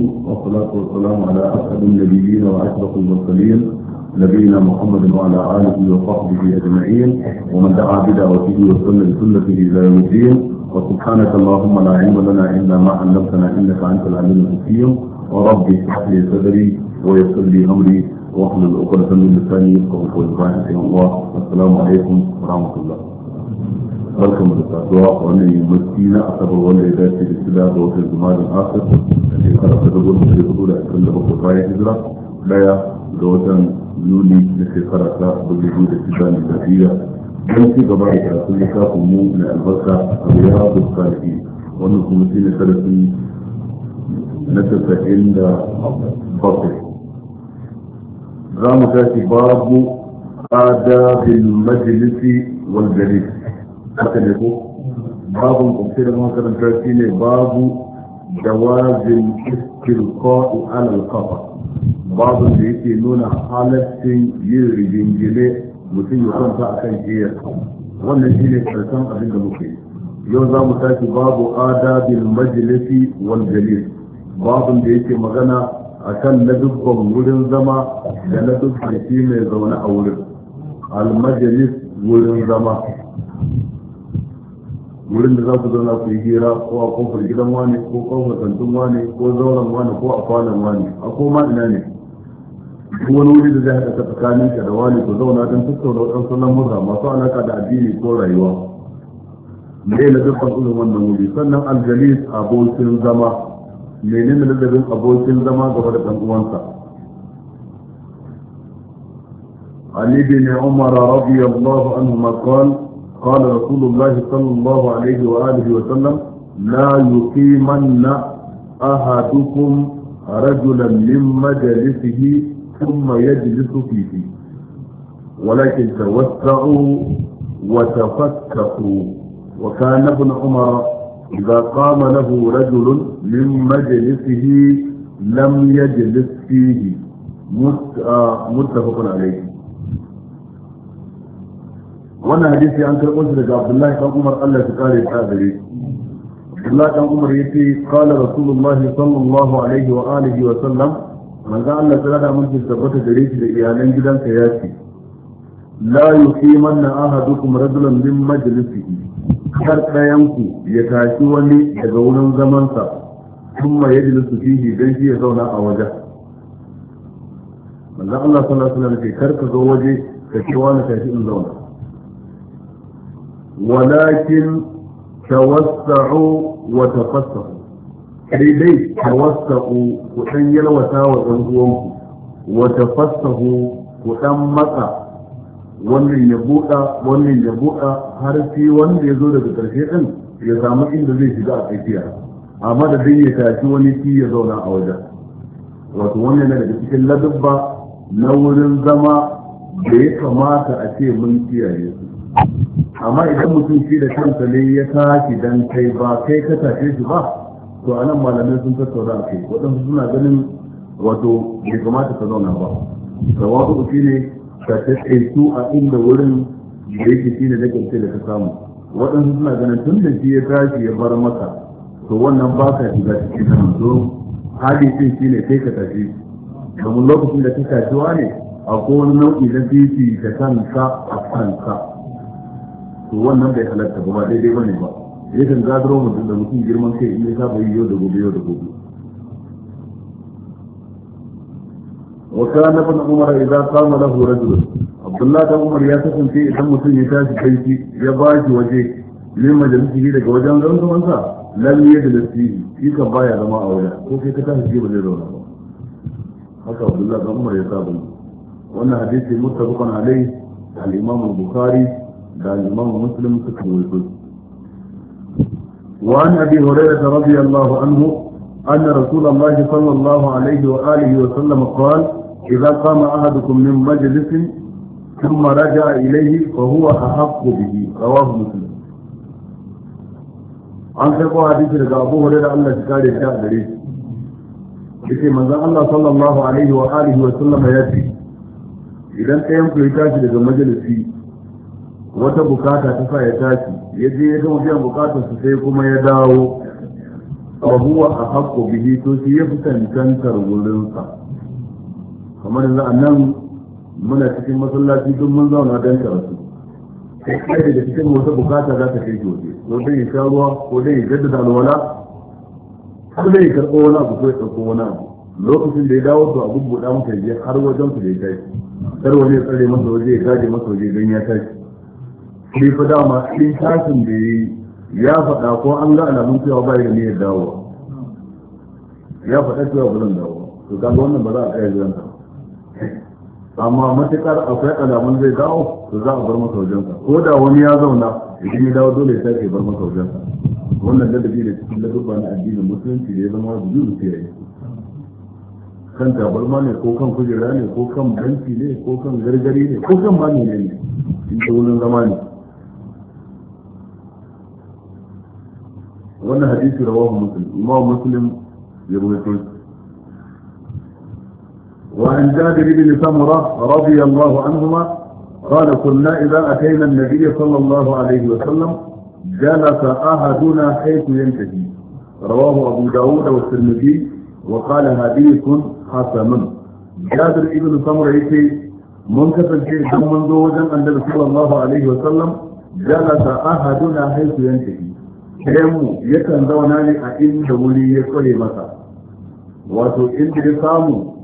والصلاة والسلام على أسعد النبيين وأشرف المرسلين نبينا محمد وعلى آله وصحبه أجمعين ومن دعا بدعوته وسنة سنته إلى يوم الدين وسبحانك اللهم لا علم لنا إلا ما علمتنا إنك أنت العليم الحكيم ورب اشرح لي صدري ويسر لي أمري واحلل عقدة من لساني يفقهوا قولي السلام عليكم ورحمة الله barkan da saduwa a wannan yammaci na asabar wanda ya dace da shida ga watan jumadin asir da shekara ta dubu da ɗari hudu da ashirin da bakwai bayan hijira ɗaya ga watan yuli na shekara ta dubu biyu da shida na tafiya don ci gaba da karatun littafin mu na albarka a biyar da salihi wannan kuma shi ne sarrafin na tasa'in da bakwai za mu tashi babu آداب المجلس والجليس haka ne ko babun da makarantar shi ne babu jawazin istirqa'i alal kafa babun da yake nuna halaccin yin rigingine mutum ya kwanta a kan iya wannan shi ne karshen abin da muke yau za mu tashi babu adabin majalisi wal babu babun da yake magana a kan ladubban wurin zama da ladubban shi mai zaune a wurin al majalis wurin zama wurin da za ku zauna ku yi hira ko a kofar gidan wani ko kofar kantin wani ko zauren wani ko a kwanan wani a koma ina ne duk wani wuri da zai haɗa ka tsakanin ka da wani ko zauna don tattauna waɗansu lamurra masu alaƙa da addini ko rayuwa me na dukkan irin wannan wuri sannan aljalis abokin zama menene ladabin abokin zama gaba da ɗan uwansa علي بن عمر رضي الله عنهما قال قال رسول الله صلى الله عليه وآله وسلم لا يقيمن أحدكم رجلا من مجلسه ثم يجلس فيه ولكن توسعوا وتفكروا وكان ابن عمر إذا قام له رجل من مجلسه لم يجلس فيه آه، متفق عليه wannan hadisi an karɓo shi daga Abdullahi kan Umar Allah ya kare ta gare Abdullahi kan Umar yace qala Rasulullahi sallallahu alaihi wa alihi wa sallam manzo Allah ya da mulki tabbata gare shi da iyalan gidansa ya ce la yuqimanna ahadukum rajulan min majlisihi kar dayan ku ya tashi wani daga wurin zamansa kuma ya su fihi dan shi ya zauna a waje. manzo Allah sallallahu alaihi wa sallam ce kar ka zo waje ka ci wani tashi in zauna walakin tawassa'u wa tafassahu daidai tawassa'u ku dan yalwata wa ɗan wa matsa wannan ya buɗa wannan ya buɗa har sai wanda ya zo daga ƙarshe ɗin ya samu inda zai shiga a tsakiya amma da dai ya tashi wani shi ya zauna a wajen wato wannan daga cikin ladabba na wurin zama da ya kamata a ce mun kiyaye su amma idan mutum shi da kansa ne ya tashi dan kai ba kai ka tashe shi ba to a nan malamai sun tattauna a kai waɗansu suna ganin wato bai kamata ka zauna ba tawadu shi ne ka tattaitu a inda wurin da yake shi ne na ƙarshe da ka samu waɗansu suna ganin tun da shi ya tashi ya bar maka to wannan ba ka shiga cikin nan to hadisin shi ne kai ka tafi domin lokacin da ka tashi ne akwai wani nau'i na titi da kanka a kanka to wannan bai halatta ba daidai bane ba yakan gadaro mutum da mutum girman kai in ya saba yi yau da gobe yau da gobe وكان ابن Umar اذا قام له رجل عبد Abdullahi بن Umar ya kasance idan mutum ya tashi kai ya bashi waje ne majalisi daga wajen zaman sa lam da lafi shi kan baya zama a waya ko kai ka tashi shi ba zai zauna ba haka Abdullah bin Umar ya saba wannan hadisi muttafaqun alayhi al-Imam al-Bukhari دا الإمام مسلم سكن وعن أبي هريرة رضي الله عنه أن رسول الله صلى الله عليه وآله وسلم قال إذا قام أحدكم من مجلس ثم رجع إليه فهو أحق به رواه مسلم an kai ko hadisi daga Abu Hurairah Allah ya kare shi a gare shi yace manzon Allah sallallahu alaihi wa alihi wa sallam ya ce idan ɗayan ku ya tashi daga majalisi wata bukata ta sa ya tashi ya je ya gama biyan bukatar su sai kuma ya dawo a huwa a haƙƙo bihi to shi ya fi tantantar wurinsa kamar yanzu a nan muna cikin masallaci duk mun zauna don karatu sai kai da cikin wata bukata za ta kai gobe ko dai ya sha ruwa ko dai ya jaddada alwala ko dai ya karɓo wani abu ko ya karɓo wani abu lokacin da ya dawo su a bubbuɗa masa ya har wajen su da ya tashi kar wani ya tsare masa waje ya gaje masa waje don ya tashi shi fa dama shi tashin da yi ya faɗa ko an ga alamun cewa ba da niyyar dawo ya faɗa cewa ba zan dawo to ga wannan ba za a tsaya jiran amma matukar akwai alamun zai dawo to za a bar masa ka ko da wani ya zauna idan ya dawo dole ya sake bar masa ka wannan dabi ne cikin ladabba na addinin musulunci da ya zama wajibi su kiyaye kan tabarma ne ko kan kujera ne ko kan banki ne ko kan gargari ne ko kan bani ne ne in ta wurin zama ne وانا حديث رواه مسلم رواه مسلم ya وعن جابر بن سمرة رضي الله عنهما قال كنا إذا أتينا النبي صلى الله عليه وسلم جلس أحدنا حيث ينتهي رواه أبو داود والترمذي وقال حديث حسن جابر بن سمر يتي منكسر شيء دم من دوجا عند صلى الله عليه وسلم جلس أحدنا حيث ينتهي mu yakan zauna ne a inda wuri ya kware masa wato inda ya samu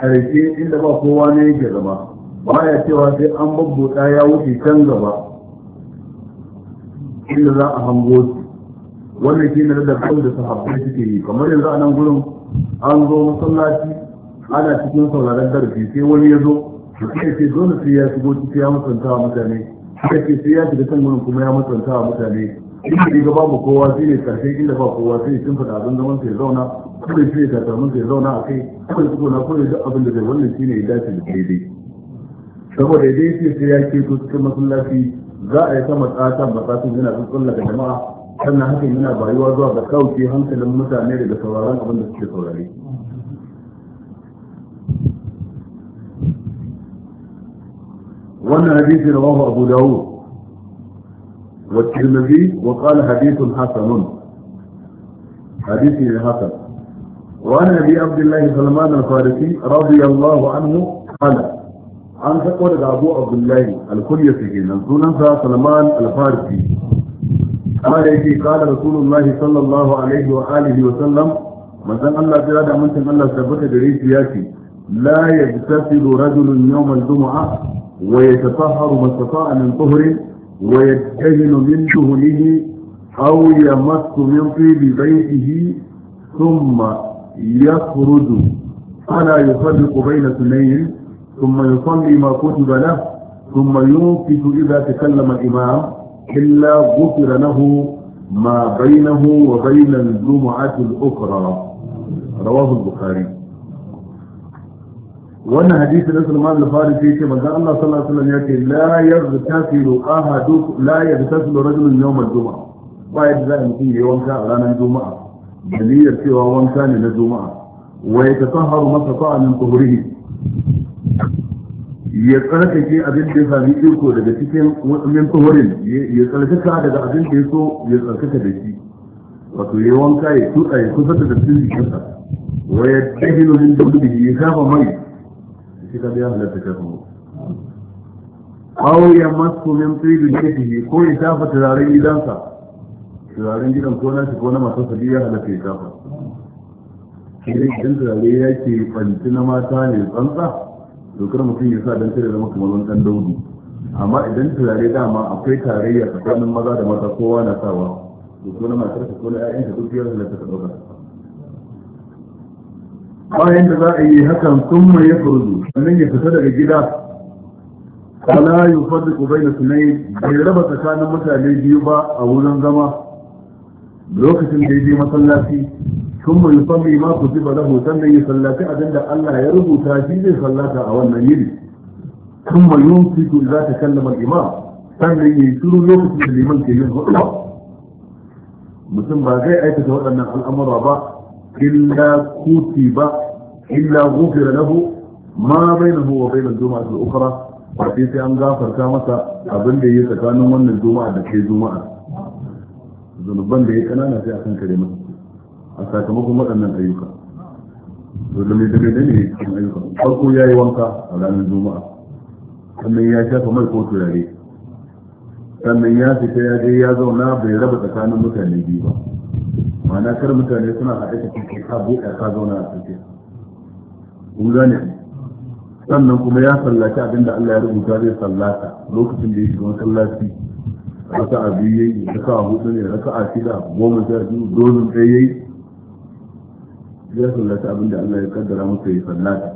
ƙarshe inda ba kowa ne yake zama ba ya cewa sai an babbuta ya wuce can gaba inda za a hango su wannan shi ne da kawai da sahabbai suke yi kamar yanzu a nan gurin an zo masallaci ana cikin sauraron darasi sai wani ya zo sai ce dole sai ya shigo ciki ya mutunta mutane sai ce sai ya shiga can gurin kuma ya mutunta mutane inda riga babu kowa sai ne karshe inda ba kowa sai ya fada abin zaman sai zauna kuma shi ya tattamin sai zauna a kai kuma su tsona ko ya duk abin da zai wannan shine ya dace da daidai saboda dai shi sai ya ke to cikin masallaci za a yi ta matsatan matsatan yana tsuntsulla ga jama'a sannan hakan yana bayuwa zuwa ga kauce hankalin mutane daga sauraron abin da suke saurare wannan hadisi rawahu abu dawud والترمذي وقال حديث حسن حديث حسن وعن ابي عبد الله سلمان الفارسي رضي الله عنه قال عن تقول ابو عبد الله الكنية سجن سنن سلمان الفارسي قال يجي قال رسول الله صلى الله عليه واله وسلم مثلا الله تعالى من الله ثبت دريس ياتي لا يغتسل رجل يوم الجمعه ويتطهر ما استطاع من طهر ويتجن من دهنه أو يمس من طيب بيته ثم يخرج فلا يفرق بين اثنين ثم يصلي ما كتب له ثم يوقف إذا تكلم الإمام إلا غفر له ما بينه وبين الجمعة الأخرى رواه البخاري wannan hadisi na Sulman al-Farisi yake manzo Allah sallallahu alaihi wasallam yake la yaztasilu ahadu la yaztasilu rajulun yawm al-jum'a ba yadda za a mutum yayi wanka a ranar juma'a dalilin cewa wanka ne na juma'a wa yatasahharu ma tafa'a min tuhurihi ya tsarkake abin da ya sami iko daga cikin min tuhurin ya tsarkaka daga abin da ya so ya tsarkaka da shi wato ya wanka ya tuka ya kusa da dattin jikinsa wa yadhilu min dubihi ya kafa mai shi ka biya halatta ka ya masu min tsibi ne ko ya shafa turaren gidansa turaren gidan ko nashi ko na masu sabi ya halatta ya shafa idan idan turare ya ke kwanci na mata ne tsantsa dokar mutum ya sa don tare zama maka malon ɗan daudu amma idan turare dama akwai tarayya tsakanin maza da mata kowa na sawa to ko na matarsa ko na duk halatta ka bayan da za a yi hakan sun mai ya furzu sannan ya fita daga gida kala yi fadi kubai da sunai bai raba tsakanin mutane biyu ba a wurin zama lokacin da ya je masallaci sun mai fami ma ku ji ba lahu sannan ya sallaci abin da Allah ya rubuta shi zai sallata a wannan yini sun mai yun fito za ta kallama imam sannan ya yi shiru lokacin da liman ke yin hudu mutum ba zai aikata waɗannan al'amura ba illa kuti ba إلا غفر له ما بينه وبين الجمعة الأخرى وفي في أن غافر كامسا أبن دي يتكان من الجمعة دكي جمعة ذنبان دي كنانا في أحسن كلمة أساكمكم وأنا أيوكا ذنب يتبين لي أيوكا فرقوا يا يوانكا على الجمعة sannan ya shafa mai ko turare sannan ya fita ya je ya zauna bai raba tsakanin mutane biyu ba ma'ana kar mutane suna haɗe cikin ka buɗe ka zauna a cikin kun gane sannan kuma ya sallaci abinda Allah ya rubuta zai sallata lokacin da ya shiga masallaci raka a biyu yayi raka a hudu ne raka a shida goma sha biyu dozin ɗaya yayi ya sallaci abinda Allah ya kaddara masa ya sallata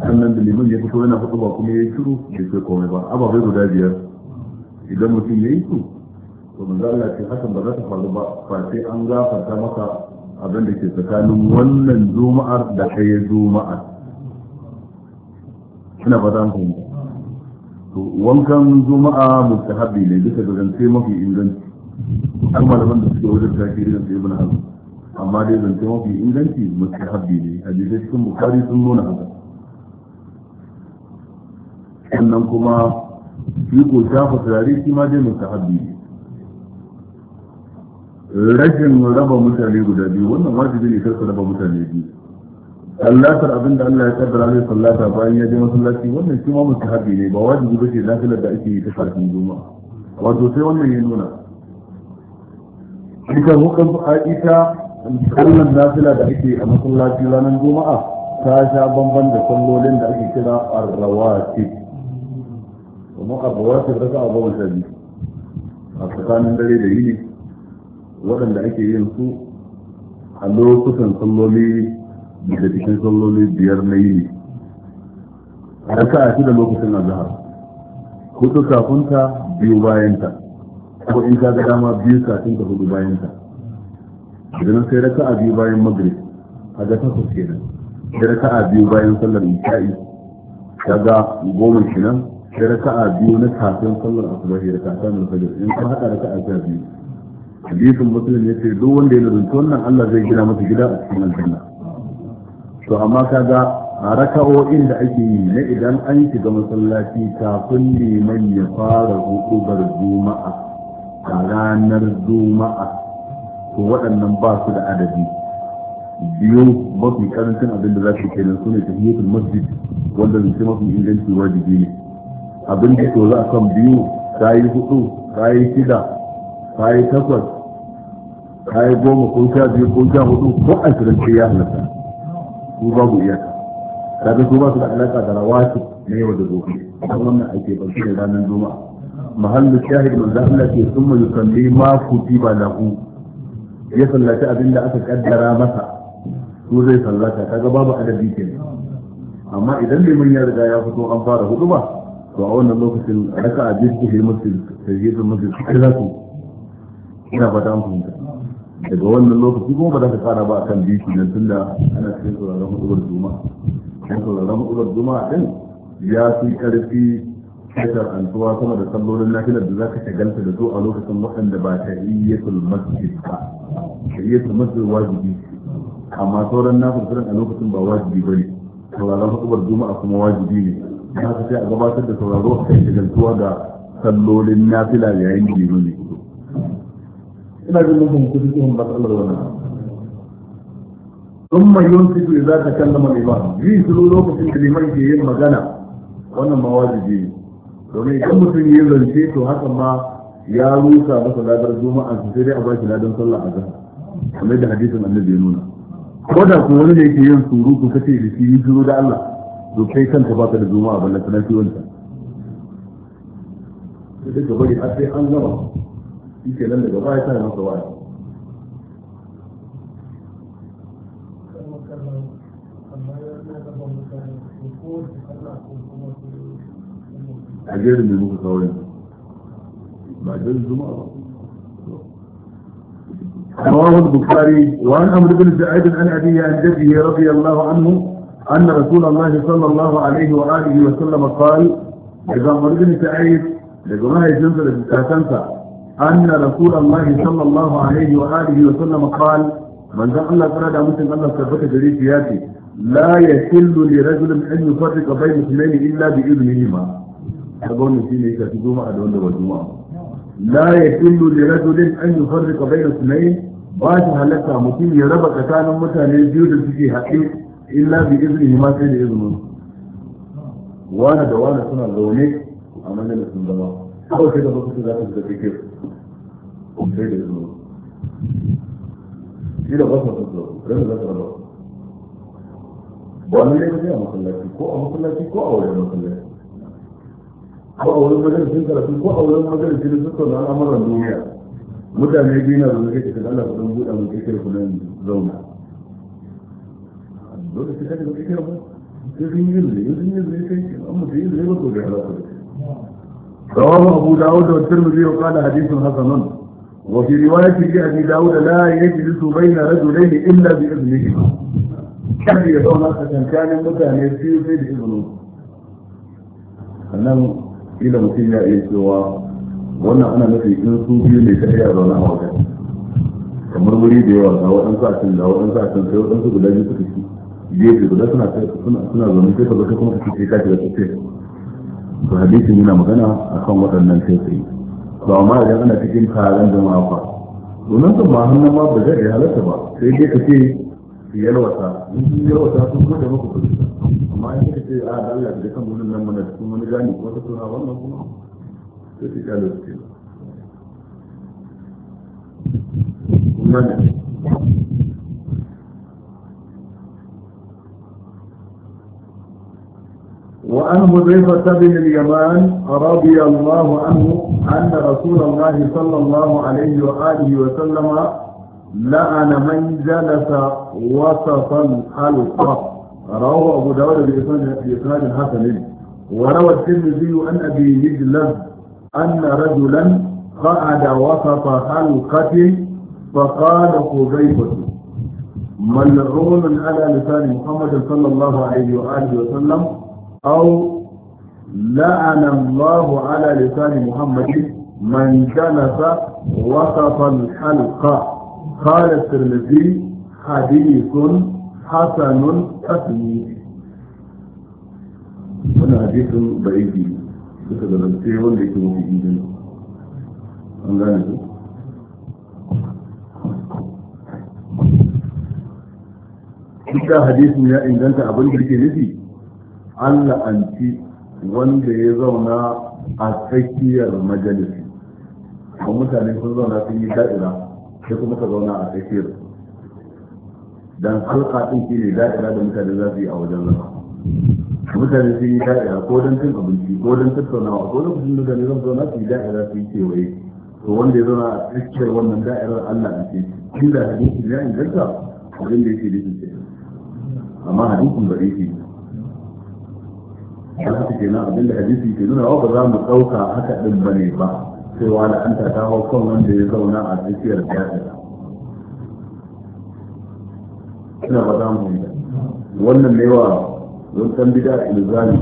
sannan da liman ya fito yana fito ba kuma ya yi shiru bai ce komai ba ababai guda biyar idan mutum ya yi su to manzo Allah ce hakan ba za ta faru ba fa sai an gafarta maka abin da ke tsakanin wannan juma'ar da ɗaya juma'ar ina ba za mu to wankan juma'a mustahabi ne duka da zance mafi inganci har malaman da suke wajen tafi da sai ibn hazm amma dai zance mafi inganci mustahabi ne hadisi cikin bukhari sun nuna haka sannan kuma shi ko shafa turare shi ma dai mustahabi ne rashin raba mutane guda biyu wannan wajibi ne kar su raba mutane biyu sallatar abin da Allah ya kaddara zai sallata bayan ya je masallaci wannan shi ma mustahabi ne ba wajibi bace nafilar da ake yi ta kafin juma'a wato sai wannan ya nuna ita hukan ita sallan nafila da ake a masallaci ranar juma'a ta sha bamban da sallolin da ake kira arrawati kuma arrawati raka'a goma sha biyu a tsakanin dare da yini waɗanda ake yin su a lokutan salloli da cikin salloli biyar na yi yini raka a shi da lokacin azhar hudu kafin biyu bayanta. ko in ka ga dama biyu kafin ta hudu bayan idan sai raka a biyu bayan maghrib a ga takwas kenan sai raka a biyu bayan sallar isha'i kaga goma kenan sai raka a biyu na kafin sallar asubahi da kafin alfajir in ka haɗa raka a biyu hadisin muslim ya ce duk wanda ya nazarci wannan Allah zai gina masa gida a cikin aljanna to amma kaga a raka'o'in da ake yi na idan an shiga masallaci kafin neman ya fara hudubar juma'a a ranar juma'a to waɗannan ba su da adadi biyu mafi karancin abin da za su kenan su ne tahiyatul masjid wanda zai mafi inganci wajibi ne abin da to za a kan biyu ta yi hudu ta yi shida ka yi takwas ka yi goma ko sha biyu ko sha hudu ko ashirin sai ya halatta su babu iyaka kaga su ba su da alaƙa da rawati na yau da gobe kan wannan ake ban da ranar juma'a mahallu shahid manzo Allah ke summa yusalli ma kutiba lahu ya sallaci abin da aka kaddara masa su zai sallata kaga babu adadi kenan amma idan liman ya riga ya fito an fara hudu ba to a wannan lokacin raka'a biyu ke musu tayyidul musu sai za su ina ba ta amfani daga wannan lokaci kuma ba za ka kara ba kan biki na tun da ana cikin sauraron matsalar juma'a ɗan sauraron matsalar juma'a din ya fi karfi shaitar antuwa sama da sallolin nafilar da za ka shagalta da su a lokacin waɗanda ba ta iyyatul masjid ba ta iyyatul masjid wajibi amma sauran na nafilar a lokacin ba wajibi ba ne sauraron hudubar juma'a kuma wajibi ne na haka sai a gabatar da sauraro a kan shagaltuwa da sallolin nafila yayin jiro ne ina jin mutum kudi irin matsalar wannan sun mai yun fito da za ta kallama liman yi su lokacin da liman ke yin magana wannan ma wajibi domin idan mutum ya zance to haka ma ya rusa masa ladar juma'a su sai dai a baki ladan sallah a zahar kamar da hadisin annabi ya nuna ko da kuma wani da yake yin surutu kace da shi yi shiru da Allah to kai kanta baka da juma'a balle kana ciwon ta sai ka bari har sai an gama shi ke nan daga baya tana masa a jerin muka ba jerin zuma ba رواه البخاري وعن عمرو بن سعيد عن ابي عن جده رضي الله عنه ان رسول الله صلى الله عليه واله وسلم قال اذا عمرو بن سعيد لجماعه جنزل بتاعتنسى أن رسول الله صلى الله عليه وآله وسلم قال من ذا الله تعالى مسلم الله ثبت جريد ياتي لا يحل لرجل أن يفرق بين اثنين إلا بإذنهما أقول في كتبوما أدوان جمعة لا يحل لرجل أن يفرق بين اثنين باش هلكا مسلم يربى كتانا متى يجود في حقيق إلا بإذنهما سيد إذنه وانا دوانا سنة زوني أمانا لسن الله أول شيء ده بس الذكر ofe da zuwa shi da wasu masu wani ne a masallaci ko a masallaci ko a wajen masallaci ko a wajen majalisin ko a na al'amuran duniya mutane biyu na zaune kai cikin Allah kudin buɗa mu kai ku zauna dole sai kaje kai kira ba sai sun yi zuri in sun yi zuri amma sai yi zuri ba to da Allah rawahu abu dawud wa tirmidhi wa qala hadithun hasanun وفي رواية لأبي داود لا يجلس بين رجلين إلا بإذنه كان يقول أن كان متى يسير بإذنه sannan ila mutum ya iya cewa wannan ana nufi in su biyu ne ta iya kamar wuri da yawa ga waɗansu a can da waɗansu a can sai waɗansu guda biyu suka ci gefe guda suna suna zaune sai ka zo kuma ka ci sai ka da sosai to yana magana akan waɗannan sai sai to amma idan ana cikin taron jama'a fa domin kuma ma hannun ma ba zai halatta ba sai dai ka yalwata in yalwata sun kuma da muku kudi amma in ka ce a ah, da Allah da kan wannan nan mana cikin wani gani ko ta tuna wannan kuma sai su kyale kuma ne وعن حذيفة بن اليمان رضي الله عنه أن رسول الله صلى الله عليه وآله وسلم لعن من جلس وسط الحلقة رواه أبو داود بإسناد حسن وروى الترمذي عن أبي مجلس أن رجلا قعد وسط حلقة فقال حذيفة ملعون على لسان محمد صلى الله عليه وآله وسلم أو لعن الله على لسان محمد من جلس وسط الحلقة قال الترمذي حديث حسن تسميه wani hadisin baiki suka zalance wanda yake mafi injin an gane su da hadisin ya inganta abin da yake nufi an la'anci wanda ya zauna a tsakiyar majalisi kuma mutane sun zauna sun yi da'ira sai kuma ka zauna a tsakiyar dan halka din shi ne da'ira da mutane za su yi a wajen zama mutane sun yi da'ira ko don cin abinci ko don tattaunawa ko don kusurin mutane zan zauna su yi da'ira su yi kewaye to wanda ya zauna a tsakiyar wannan da'irar Allah a ce shi da hadisi ya inganta abin da yake da shi amma hadisin ba yake da haka ke nan abinda hadisi ke nuna ba za mu ɗauka haka ɗin ba ne ba cewa da an ta hau kan wanda ya zauna a tsakiyar jami'a ina ba za mu yi wannan ne wa wani ɗan bida ilzami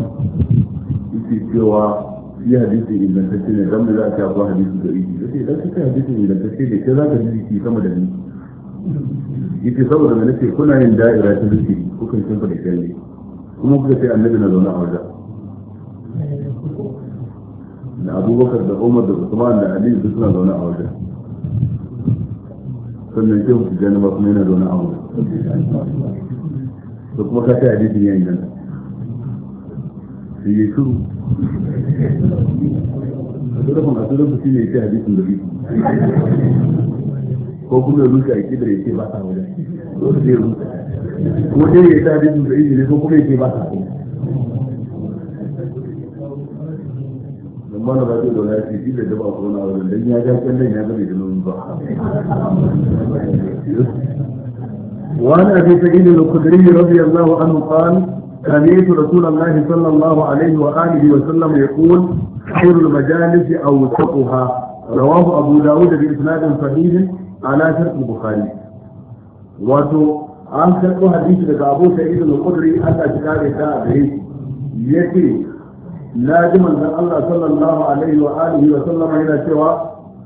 yake cewa shi hadisi ingantacce ne zan za a ce akwai hadisi da iki da ce dan kika hadisi ingantacce ne ke za ka ji sama da ni yake saboda da nace kuna yin da'ira ta zikiri kukan shimfa da kyalli kuma kuka sai annabi na zaune a wajen da abubakar da umar da usman da ali duk suna zaune a wajen sannan shehu su jani ba kuma yana zaune a wajen da kuma ka hadisin yayin nan sai ya shuru a turafin a turafin shi ne ya ce hadisin da biyu ko kuma rusa a kidar ya ce ba sa wajen ko sai ya rusa ko dai ya ta hadisin da biyu ne ko kuma ya ce ba sa wajen in وعن ابي سعيد الخدري رضي الله عنه قال سمعت رسول الله صلى الله عليه واله وسلم يقول خير المجالس اوثقها رواه ابو داود باسناد صحيح على شرط البخاري. وتو عن شرط حديث ابو سعيد الخدري حتى تكاد تابعي يكي na ji manzon Allah sallallahu alaihi wa alihi wa sallama yana cewa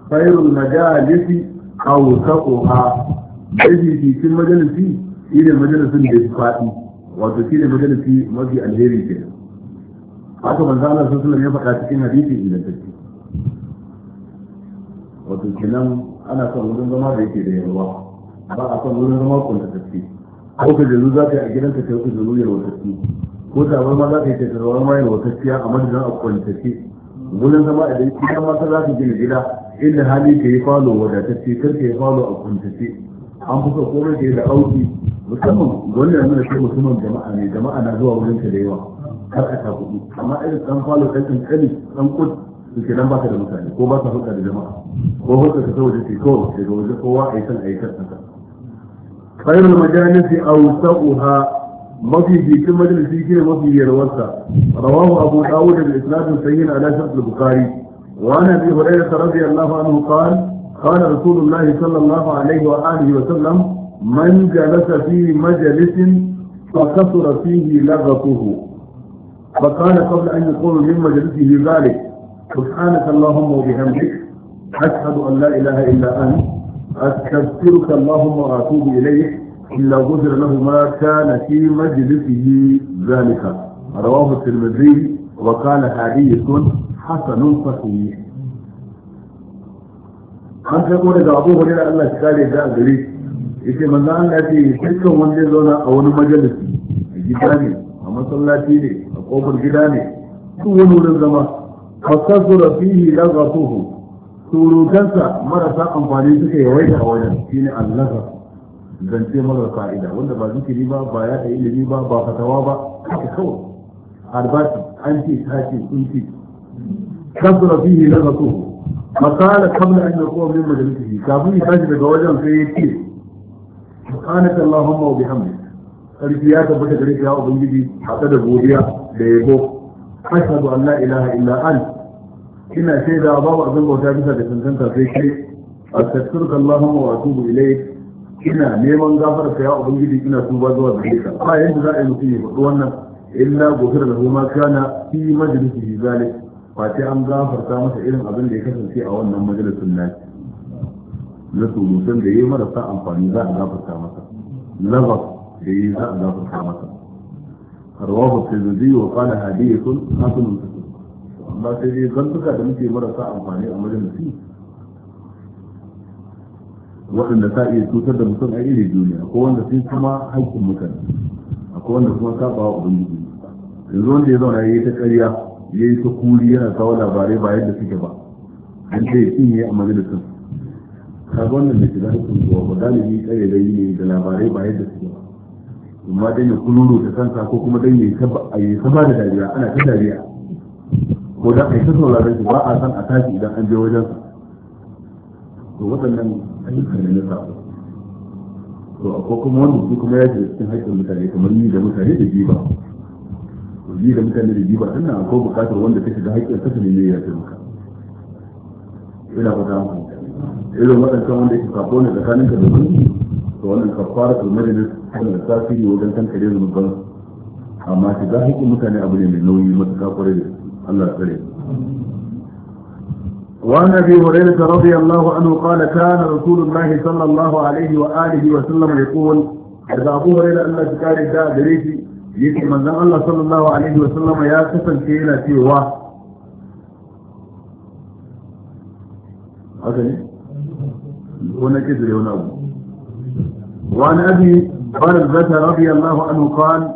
khairul majalisi aw saquha daji cikin majalisi shine majalisin da ya faɗi wato shine majalisi mafi alheri ke haka manzon Allah sallallahu alaihi wa ya faɗa cikin hadisi idan take wato kenan ana son wurin zama da yake da yawa ba a son wurin zama kuntatacce ko ka jazu za ka yi a gidanka ta yi ku jazu yawa tafi ko tabar ma za ka yi ta tabar ma yin wasasciya a madadin a kwantace wurin zama idan kuma mata za ka gina gida inda hali ka yi falo wadatacce kar ka yi falo a kwantace an fi so komai ka yi da auki musamman wannan nuna kai musamman jama'a ne jama'a na zuwa wurin ka da yawa kar a kuɗi. amma irin ɗan falo ɗan kankani ɗan kut suke nan ba baka da mutane ko ba ka hulɗa da jama'a ko hulɗa ka sau da ke kawai daga waje kowa a yi san a yi kan kansa. Kayar majalisi a wusa'uha مفي في كل مجلس يجينا مفي في الورثة رواه أبو داود الإسلام السيئين على شرط البخاري وعن أبي هريرة رضي الله عنه قال قال رسول الله صلى الله عليه وآله وسلم من جلس في مجلس فكثر فيه لغته فقال قبل أن يقول من مجلسه ذلك سبحانك اللهم وبحمدك أشهد أن لا إله إلا أنت أستغفرك اللهم وأتوب إليك إلا غفر له ما كان في مجلسه ذلك رواه الترمذي وقال حديث حسن صحيح an sai kuma daga abu hurera Allah shi kare da gari yake manzo Allah ya ce dukkan wanda ya zauna a wani majalisi a gida ne a masallaci ne a kofar gida ne su wani wurin zama fasasura fihi lagatuhu surukansa marasa amfani suka yawaita a wajen shine Allah zance marar fa'ida wanda ba zikiri ba ba ya da ilimi ba ba fatawa ba haka kawai albasi an ce ta ce sun ce kasura fihi na zato makala kamar an yi kowa min majalisi kafin ya tashi daga wajen sai ya ce subhanaka allahumma wa bihamdika sarki ya tabbata gare ka ya ubangiji haɗe da godiya da yabo ashhadu an la ilaha illa an ina shaida babu abin bauta bisa da tantanta sai kai astaghfiruka allahumma wa atubu ilayk ina neman gafar ka ya ubangiji ina tuba zuwa gare ka ba yanda za a yi mutum ya faɗi wannan illa gofira da kuma kana fi majalisi zalik ce an gafarta masa irin abin da ya kasance a wannan majalisin nashi na surutun da ya yi marasa amfani za a gafarta masa labar da ya yi za a gafarta masa arwahu tirmidhi wa sun hasunan hasanun ba sai dai zantuka da muke marasa amfani a majalisi waɗanda ta iya cutar da mutum a iri duniya akwai wanda sun kuma haƙƙin mutane akwai wanda kuma saba wa ubangiji yanzu wanda ya zauna ya yi ta ƙarya yi ta kuri yana kawo labarai ba yadda suke ba an ce kin yi a majalisun kaga wannan da shiga haƙƙin zuwa ba galibi ƙarya da ne da labarai ba yadda suke ba amma dan ya kuluru ta kansa ko kuma dan ya a yi saba da dariya ana ta dariya ko da a yi ta sauraron shi ba a san a tashi idan an je wajensa to waɗannan ayyukan ne na sabo to akwai kuma wanda su kuma ya ce cikin haƙƙin mutane kamar ni da mutane da jiba to ni da mutane da jiba ɗin nan akwai buƙatar wanda ta shiga haƙƙin ta ne ya ce maka ina fata mu irin waɗancan wanda yake sabo ne tsakanin ka da wani to wannan kafara ta majalis tana da tasiri wajen kankare zunuban amma shiga haƙƙin mutane abu ne mai nauyi matuƙa ƙwarai da Allah tsare وعن ابي هريره رضي الله عنه قال كان رسول الله صلى الله عليه واله وسلم يقول اذا ابو هريره ان تكار الداء دريتي يجي من الله صلى الله عليه وسلم يا كسن كينا تيوا هو هنا كده هنا وعن ابي برزه رضي الله عنه قال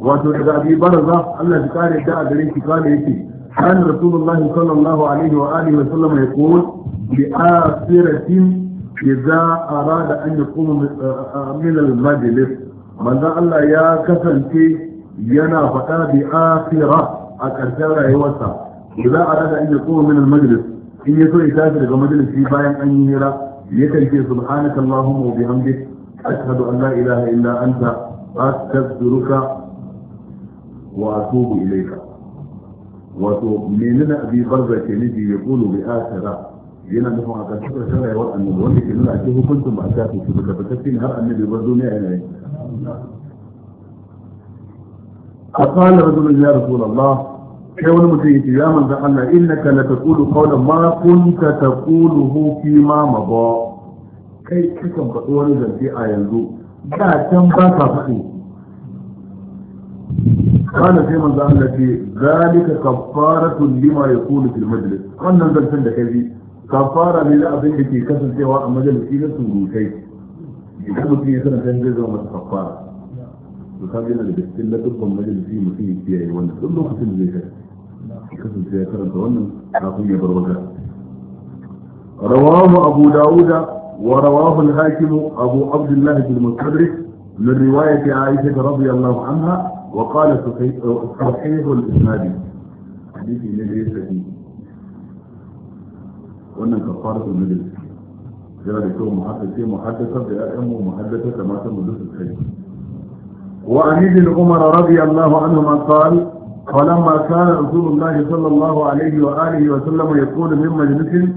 وعن أبي برزة barza Allah ya قال ta كان رسول الله صلى الله عليه وآله وسلم يقول بآخرة إذا أراد أن يقوم من آه، المجلس ماذا الله يا كفنتي ينا فتا بآخرة أكثر يوسع أيوة. إذا أراد أن يقوم من المجلس إن يكون يتاثر كمجلس في باين أن يرى يكفي سبحانك اللهم وبحمدك أشهد أن لا إله إلا أنت أستغفرك وأتوب إليك wato menene abi barza ke nufi ya kulu bi asira yana nufin a ƙarshen ƙarshen wa annabi wanda ke nuna ake hukuncin ba a shafi shi ba tabbatacce ne har annabi bar duniya yana yi فقال رجل يا رسول الله sai wani mutum yake ya manzan Allah innaka la taqulu qawlan ma kunta taquluhu fi ma mada kai kakan faɗi wani zance a yanzu da can ba ka faɗi قال في من ذا التي ذلك كفارة لما يقول في المجلس قلنا نزل سند كذي كفارة للا أبين في كسل سواء مجلس إلى سنوكي يجب في سنة تنجز وما تكفارة وكان جينا لبستين لا تبقى مجلس في مسيح فيها يوانا كل لوك سنة زي كذا كسر سواء كرم توانا عقوية بروكا رواه أبو داود ورواه الحاكم أبو عبد الله بن المستدرك من رواية عائشة رضي الله عنها وقال صحيح الإسنادي حديث النبي يسدي وأن الكفارة النبي جاء لكم محدثين محدثة بأئم محدثة كما تم ذلك الخير وعن ابن عمر رضي الله عنهما قال فلما كان رسول الله صلى الله عليه وآله وسلم يقول من مجلس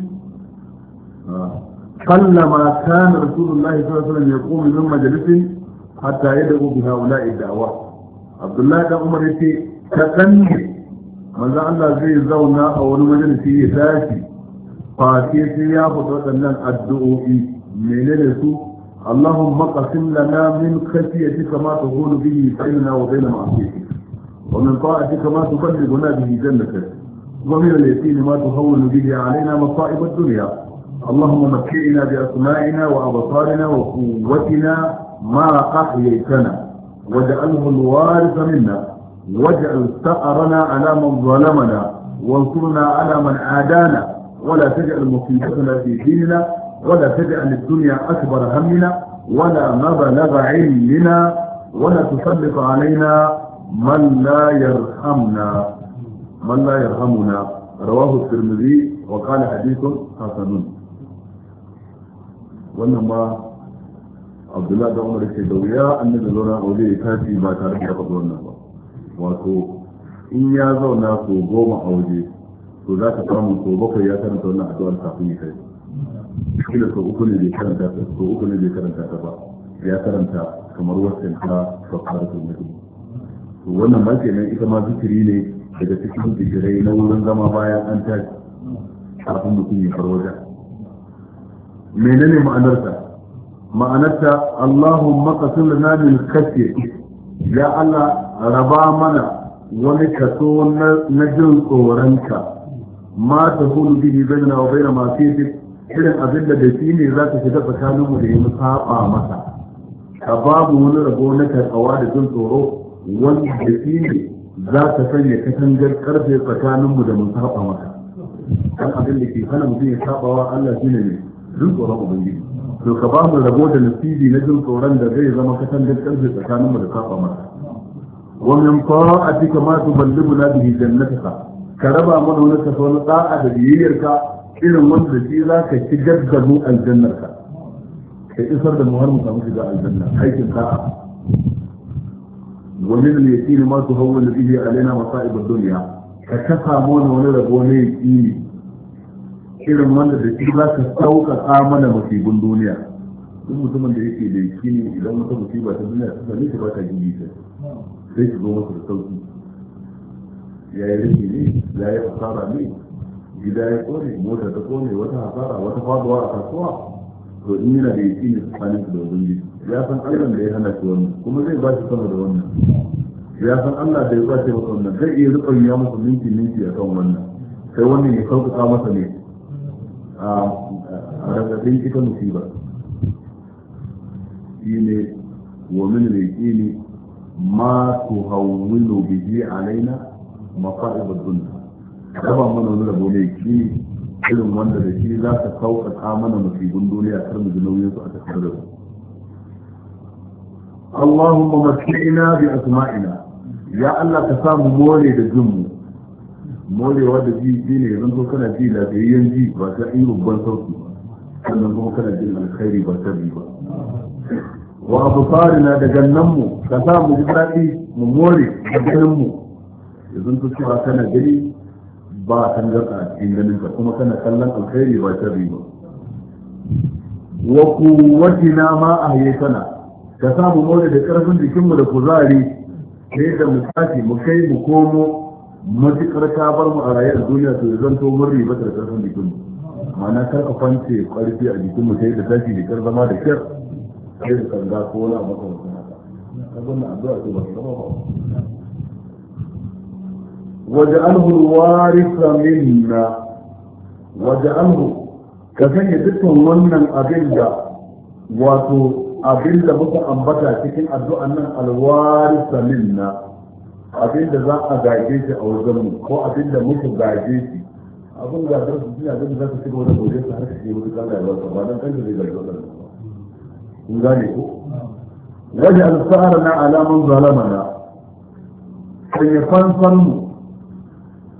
قلما آه، كان رسول الله صلى الله عليه وسلم يقوم من مجلس حتى يدعو بهؤلاء الدعوات abdullahi da umar yace kaɗan ne manzo Allah zai zauna a wani majalisi ya tashi fate sai ya fito waɗannan addu'o'i menene su اللهم قسم لنا من خشيتك ما تقول به بيننا وبين معصيتك ومن طاعتك ما تبلغنا به جنتك ومن اليتيم ما تهون به علينا مصائب الدنيا اللهم مكئنا باسمائنا وابصارنا وقوتنا ما احييتنا واجعله الوارث منا واجعل ثأرنا على من ظلمنا وانصرنا على من عادانا ولا تجعل مصيبتنا في ديننا ولا تجعل الدنيا أكبر همنا ولا مبلغ علمنا ولا تسلط علينا من لا يرحمنا من لا يرحمنا رواه الترمذي وقال حديث حسن وانما abdullahi da umar ce da wuya annabi zauna waje ya tashi ba tare da faɗi wannan ba wato in ya zauna ko goma a waje, to za ka samu ko bakwai ya karanta wannan addu'ar kafin ya kai kila ko uku ne bai karanta ta ko uku ne bai karanta ta ba ya karanta kamar wasan ta ta mutum to wannan ba ke nan ita ma zikiri ne daga cikin zikirai na wurin zama bayan an tashi kafin mutum ya farwaja menene ma'anarsa ma'anarta Allahumma qasim lana min khashyatik ya Allah raba mana wani kaso na jin tsoronka ma ta hulu bihi bainana wa baina ma fiik irin abin da shi ne za ka shiga tsakanin mu da yi saba masa ka babu wani rabo na karkawa da jin tsoro wani da shi ne za ka sanya katangar karfe tsakanin mu da mun saba masa dan abin da ke hana mutum ya saba wa Allah shine ne jin tsoron ubangiji to ka ba mu rabo da nasibi na jin tsoron da zai zama kasan da karfi tsakanin mu da kafa masa wa min ta'atika ma tuballighuna bihi jannataka ka raba mana wani kaso na da'a da biyayyarka irin wanda shi za ka shigar da aljannar ka. ka isar da mu har mu samu shiga aljanna aikin da'a wa min al-yaqin ma tuhawwil bihi alaina masa'ib ad-dunya ka kafa mana wani rabo ne yaqini irin wanda da shi za ka sauƙaƙa mana musibin duniya duk mutumin da yake da yake ne idan wata musiba ta duniya ta sami ta ba ta gidi ta sai ki zo masa da sauƙi ya yi rikin ne ya yi asara ne gida ya kone mota ta kone wata hasara wata faduwa a kasuwa to in yana da yake ne tsakanin da ubangiji ya san allah da ya hana shi wannan kuma zai ba shi sama da wannan ya san allah da ya ba shi wannan zai iya rikon ya masa minti minti a kan wannan sai wannan ya sauƙaƙa masa ne a raɗaɗin ita musiba shi ne wa min ne ma tu hawwilu bihi alaina mafa'ib ad-dunya raba mana wani rabo mai kini irin wanda da shi za ka sauƙaƙa mana musibin duniya kar mu ji su a tattare da su اللهم مسكئنا بأسمائنا يا الله تسام مولي دجمو morewa da ji ji ne zan so kana ji lafiyayyen ji ba ta yi rubban sauki sannan kuma kana jin alkhairi ba ta bi ba wa abu na da gannan mu ka sa mu ji daɗi mu more da ganin mu ya zan so cewa kana gani ba tangarɗa a cikin ganin ka kuma kana kallon alkhairi ba ta bi ba wa kuwatina ma a sana ka sa mu more da ƙarfin jikinmu da kuzari ne da mu tashi mu kai mu komo matukar ta bar mu a rayuwar duniya to zan to mun riba da karfin jikin mu ma'ana kar ka kwance karfi a jikin mu sai da tashi da kar zama da kyar sai da kanga ko wani abu kan kuma ka abin da addu'a ce ba ta zama ba waja'alhu warisa minna waja'alhu ka sanya dukkan wannan abin da wato abin da muka ambata cikin addu'an nan alwarisa minna abin da za a gaje shi a wajen mu ko abin da muka gaje shi abin da za su jina abin da za su shiga wani gobe su har su yi mutu kan rayuwar ba don kan da zai gaje wannan kun gane ko waje alfahar na alaman zalamana sanya fansar mu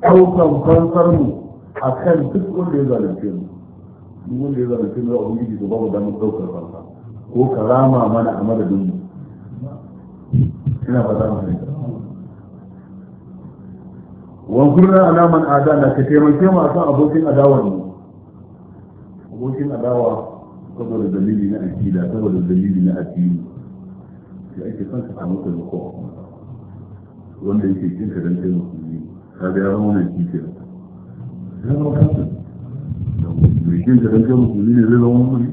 ɗaukan fansar mu a kan duk wanda ya zalunce mu duk wanda ya zalunce mu za a wuri da babu damar ɗaukar fansa ko karama mana a madadin mu ina fata mu fahimta wankurna alaman adana ka taimake mu akan abokin adawa ne abokin adawa saboda dalili na akida saboda dalili na addini sai ake son ka samu taimako wanda yake jin ka dan taimako ne ka ga yaran wannan kike zama kansa mai jin ka dan taimako ne zai zama mummuni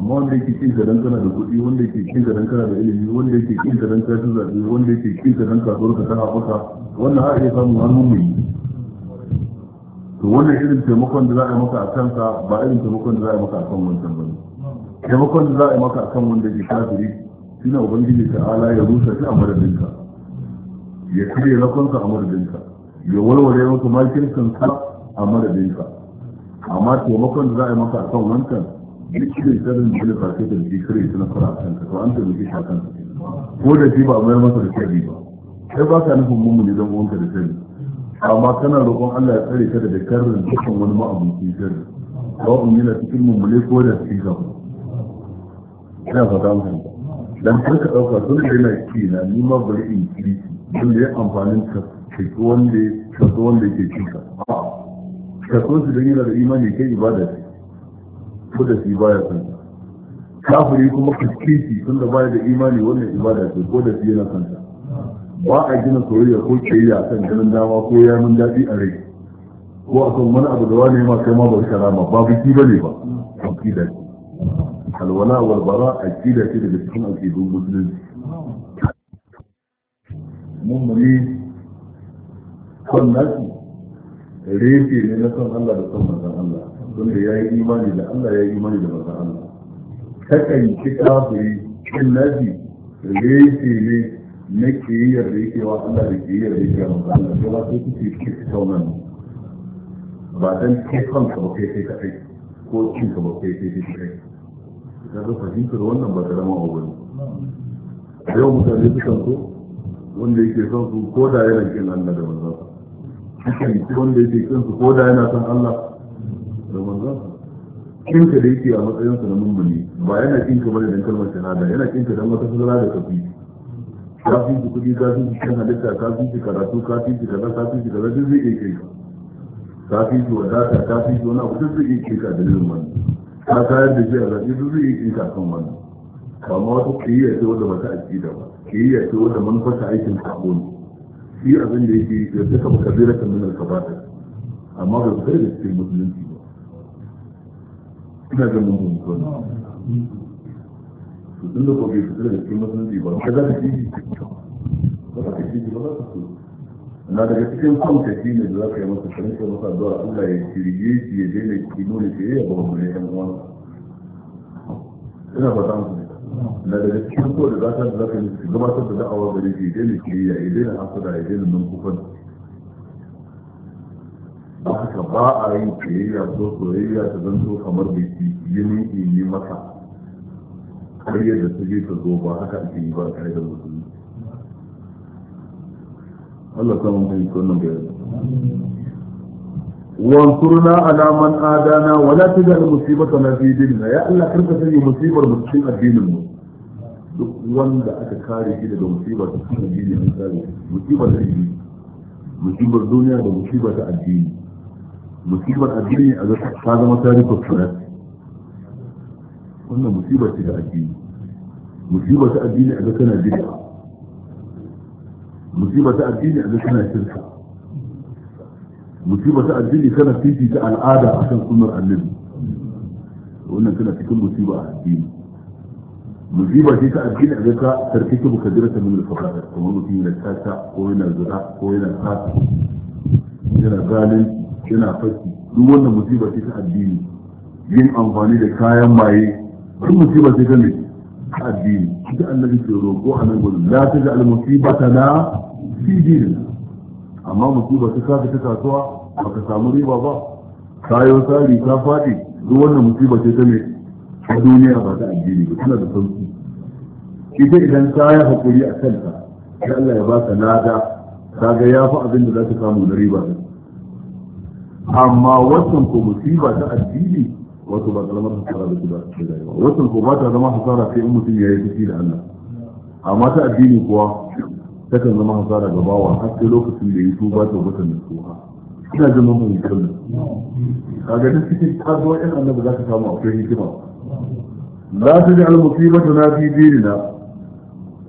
amma wanda yake kin ka dan kana da kuɗi wanda yake kin ka dan kana da ilimi wanda yake kin ka dan kasu zaɓe wanda yake kin ka dan kasuwar ka ta haɓaka wannan har iya samun hannun mai to wannan irin taimakon da za a yi maka a kansa ba irin taimakon da za a yi maka a kan wancan ba taimakon da za a yi maka a kan wanda yake kafiri shine ubangiji ta ala ya rusa shi a madadinka ya kire rakonsa a madadinka ya warware maka makin kansa a madadinka amma taimakon da za a yi maka a kan wancan duk irin sharrin da ba sai da shi kare su na fara kan ka to an ta miki shakan ko da shi ba mai masa da sharri ba sai ba ka nufin mun ne dan uwanka da sharri amma kana roƙon Allah ya tsare ka daga sharrin dukkan wani ma'abuci sharri ba in yana cikin mummune ko da shi ka ina fata mu dan kar ka dauka sun da yana ci na ni ma bari in ci don da amfanin ka kai wanda ya kaso wanda yake ci ka kaso su dan yana da imani kai ibada ce Ko da shi baya san kafiri kuma kaskiti tunda baya da imani wannan ibada ce ko da shi yana san ba a gina soyayya ko kiyayya kan ganin dama ko ya yamin daɗi a rai ko a kan wani abu da wani ma kai ma ba karama ba biki bane ba aqida ce alwala wal bara aqida ce daga cikin aqidun musulunci mun muni kan nasu reshe ne na san Allah da son manzon Allah wanda ya yi imani da Allah ya yi imani da manzon Allah kakan ki kafiri kin nabi rece ne na kiyayyar da yake wa Allah da kiyayyar da yake wa manzon Allah sai ba sai kuke kike taunan ba dan kai kanka ba kai kai kai ko kin ka ba kai kai kai kaga fahimtar wannan ba karama abu ne a yau mutane kan so wanda yake son su ko da yana kin Allah da manzon sa hakan wanda yake kin su ko da yana son Allah da manzon kinka da yake a matsayinsa na mummuni ba yana kinka bane dan kalmar shahada yana kinka dan wata sura da kafi ka fi su kuɗi ka fi su kan halitta ka fi su karatu ka fi su kaza ka fi su kaza duk zai iya kai ka fi su wadata ka fi su wani abu duk zai iya kai ka dalilin wani. ka kayar da shi a zaɓe duk zai iya kai ka kan wani. ba ma wata kiyayya ce wadda ba ta da ba kiyayya ce wadda manufarta aikin sabo ne shi abin da yake ya saka baka zai ka ba alkabatar amma ba su kai da cikin musulunci ina ga mun mun ko tun da ko bai fita daga cikin musulunci ba ka za ka ci ba ka ci ba za ka ci na daga cikin son ka shi ne da za ka yi masa karin masa zuwa Allah ya shirye shi ya daina kino da ke ya ba mu ne kan wani ina fata musu ne na daga cikin so da za ka yi gabatar da da'awa gare shi ya daina kiriya ya daina hasada ya daina nan kufanci da haka ba a yi tsayayya ko soyayya ta zanto kamar da ke yini yi maka karyar da su ta zo ba haka ake yi ba kare da musulmi Allah ta mun kai wannan bayan wansurna ala alaman adana wala ta na bidin na ya Allah karka sanya musibar musulmin addinin mu duk wanda aka kare shi daga musibar ta addini an kare musibar ta addini musibar duniya da musibar ta addini musibar addini a zata ta zama tarihin salat wannan musibar ce da addini musibar ta addini a zata na bid'a musibar ta addini a zata na shirka musibar ta addini tana fifita al'ada a kan sunar annabi wannan tana cikin musiba addini musiba ce ta addini a zata tarkake bukadirata min al-fakara kamar mutum yana tata ko yana zura ko yana tata yana zalunci yana fashi duk wannan musiba ce ta addini yin amfani da kayan maye duk musiba ce ta ne ta addini ita annabi ke roƙo a nan gudun la ta ga almusiba ta na fi dinin amma musiba ta kafa ta kasuwa ba ka samu riba ba kayo tsari ta faɗi duk wannan musiba ce ta ne a duniya ba ta addini ba tana da sauki ita idan ta yi haƙuri a kanta sai Allah ya ba ka lada ta ga ya fi abin da za ta samu na riba da amma wancan ko musiba ta addini wato ba kalamar hasara da kuma da rayuwa wancan ko ba ta zama hasara sai in mutum ya yi fushi da Allah amma ta addini kuwa takan zama hasara ga bawa har sai lokacin da ya ba ta wata nasuha ina jin mun mun kalla kaga duk cikin kazo in annabi za ka samu akwai hikima la taj'al na fi dinina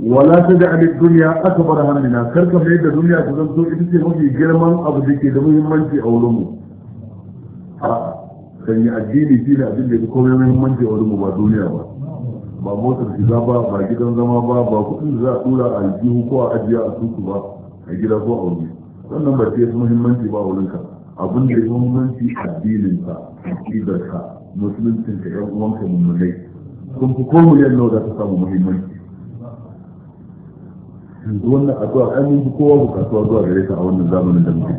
ولا تجعل الدنيا اكبر همنا كركم يد الدنيا تزنتو ita ce mafi girman abu da ke da muhimmanci a wurin mu. sanya addini shi ne abin da ya komai muhimmanci a mu ba duniya ba ba motar shiga ba ba gidan zama ba ba kuɗin da za a tura a aljihu ko a ajiya a tutu ba a gida ko a wuri wannan ba ce muhimmanci ba ka abin da ya muhimmanci addinin ka idar ka musuluncin ka uwan ka mummunai kun fi komu yan nau ta samu muhimmanci yanzu wannan addu'a an yi kowa bukatuwa zuwa gare ta a wannan zamanin da muke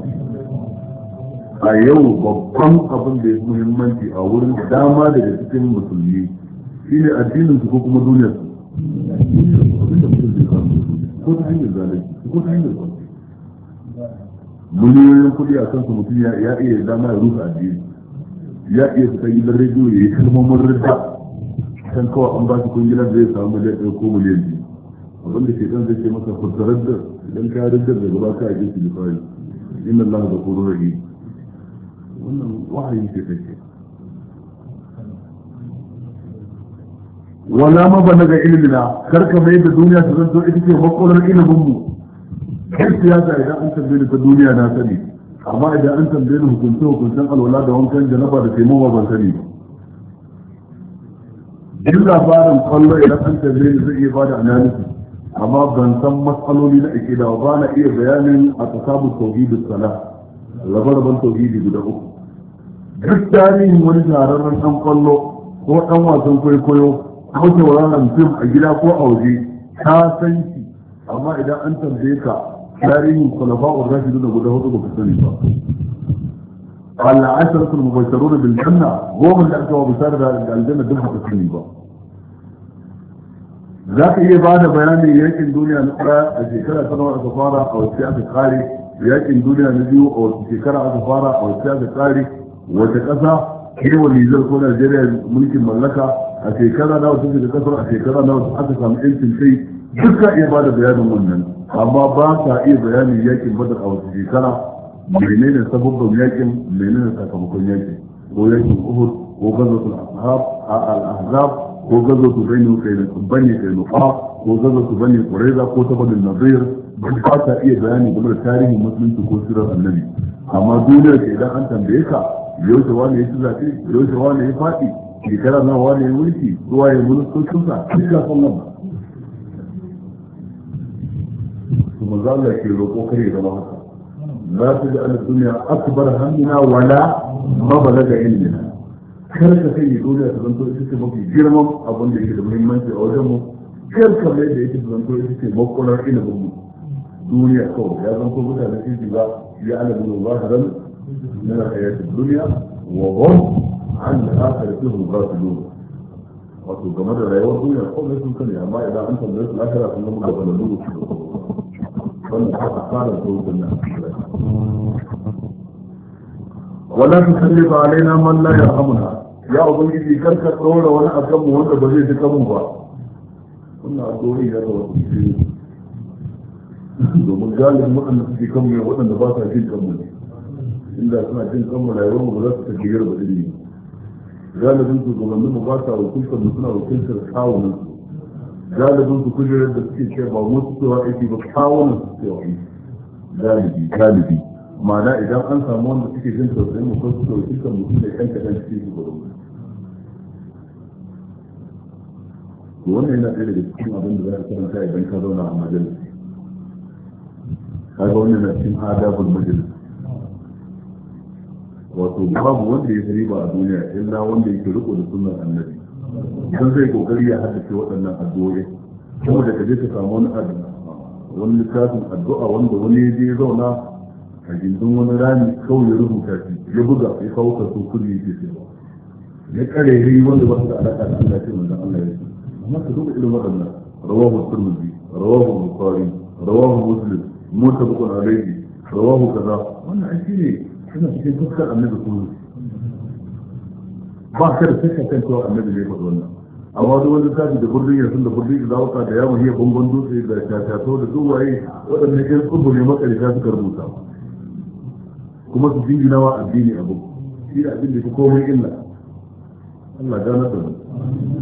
a yau babban abin da ya fi muhimmanci a wurin dama daga cikin musulmi shi ne addinin su ko kuma duniyar su ko ta hanyar zalunci ko ta hanyar miliyoyin kuɗi a kansu mutum ya iya dama ya rusa addini ya iya su kan gidan rediyo ya yi kalmomin rida kan kawai an ba shi kungilar da ya samu miliyan ɗaya ko miliyan biyu abin da ke kan zai ce masa fuskarar da idan ka rinta da gaba ka ajiye su da kawai inna Allah da kuro rahim wannan wahayi ke kai wala ma ba daga ilimina karka mai da duniya ta zanto ita ce makonar ilimin mu kai siyasa idan an tambaye ni ta duniya na sani amma idan an tambaye ni hukunce hukuncen alwala da wankan janaba da taimawa ban sani ba duk labarin kwallo idan an tambaye ni zai iya ba da analysis amma ban san matsaloli na ake da ba na iya bayanin a tasabu tauhidus sala rabe-raben tauhidi guda uku duk tarihin wani tsararren ɗan kwallo ko ɗan wasan kwaikwayo kawce wa ranar fim a gida ko a waje ta san shi amma idan an tambaye ka tarihin kwalafa wa za shi duna guda hudu ba ka sani ba Allah a shi rasul mubashiru da bil janna goma da aka wa bisara da aljanna duk ba ka ba za ka iya bada bayanin yakin duniya na ƙura a shekara ta nawa a wasu aka kare yakin duniya na biyu a wasu shekara aka a wasu aka kare wata ƙasa kai wa Nijar ko Najeriya mulkin mallaka a shekara nawa take da ƙasar a shekara nawa aka samu yancin kai duk ka iya bada bayanin wannan amma ba sa iya bayanin yakin badar a wata shekara menene sababban yakin menene sakamakon yakin ko yakin Uhud ko gazatul ashab al-ahzab ko gazatul bani bani kainuqa ko gazatul bani quraiza ko ta bani nadir ba sa iya bayani game da tarihin musulunci ko sirar annabi amma duniya ke idan an tambaye ka yaushe wani ya ci zaɓe yaushe wani ya faɗi shekara na wani ya mulki ruwa ya mulkokinsa duk ya san nan su manzo Allah ke roƙo kare zama haka la ta ji ala duniya akbar hamdina wala mabalaga ilmina kar ka kai duniya ta zanto ita ce mafi girman abin da yake da muhimmanci a wajen mu kar ka mai da yake ta zanto ita ce makonar ilimin mu duniya kawai ya zanto mutane sun ji ba ya ala duniya ba ta من الحياة الدنيا وظن عن آخرتهم غافلون wato game da rayuwar duniya ko mai sun sani amma idan an tambaye su lafiya sun zama da balalu wanda aka fara da wutan nan wala ta kalli ba alaina man la yarhamuna ya ubangiji kar ka tsora wani akan mu wanda ba zai ji kanmu ba wannan addu'o'i ya zama domin galibin waɗanda suke kanmu ne waɗanda ba sa jin kanmu ne inda suna jin kan rayuwar mu ba za su tafi yarba ilimi galibin su gabanin mu ba sa wakiltar mu suna wakiltar kawunan su galibin su kujerar da suke ce ba musu cewa aiki ba kawunan su cewa aiki galibi galibi ma'ana idan an samu wanda suke jin tausayin mu ko su tausayi kan mutum da kan kaɗan cikin su gudu wannan yana ɗaya daga cikin abin da za ka karanta idan ka zauna a majalisi kaga wannan na cikin adabul majalisi wato babu wanda ya riba a duniya illa wanda yake riko da sunan annabi dan zai kokari ya haddace waɗannan addu'o'i kuma da kaje ka samu wani wani littafin addu'a wanda wani ya je zauna a gindin wani rami kawai ya rubuta shi ya buga ya kawo ka so kudi yake sai ya kare yi wanda ba su da alaƙa da Allah sai manzon Allah ya ce amma ka duba irin waɗannan rawahu turmizi rawahu bukhari rawahu muslim mutabaqun alayhi rawahu kaza wannan aiki ne. suna cikin fuskar annabi kullu ba ka da saka kan cewa annabi ne faɗi wannan amma duk wani ta da burdin ya sun da burdin da zawuka da yawon hiya bangon dutse da shatato da tsuwaye waɗannan ƴan tsubu ne makarita suka rubuta kuma su jingina wa addini abu shi da abin da fi komai illa Allah ya gana da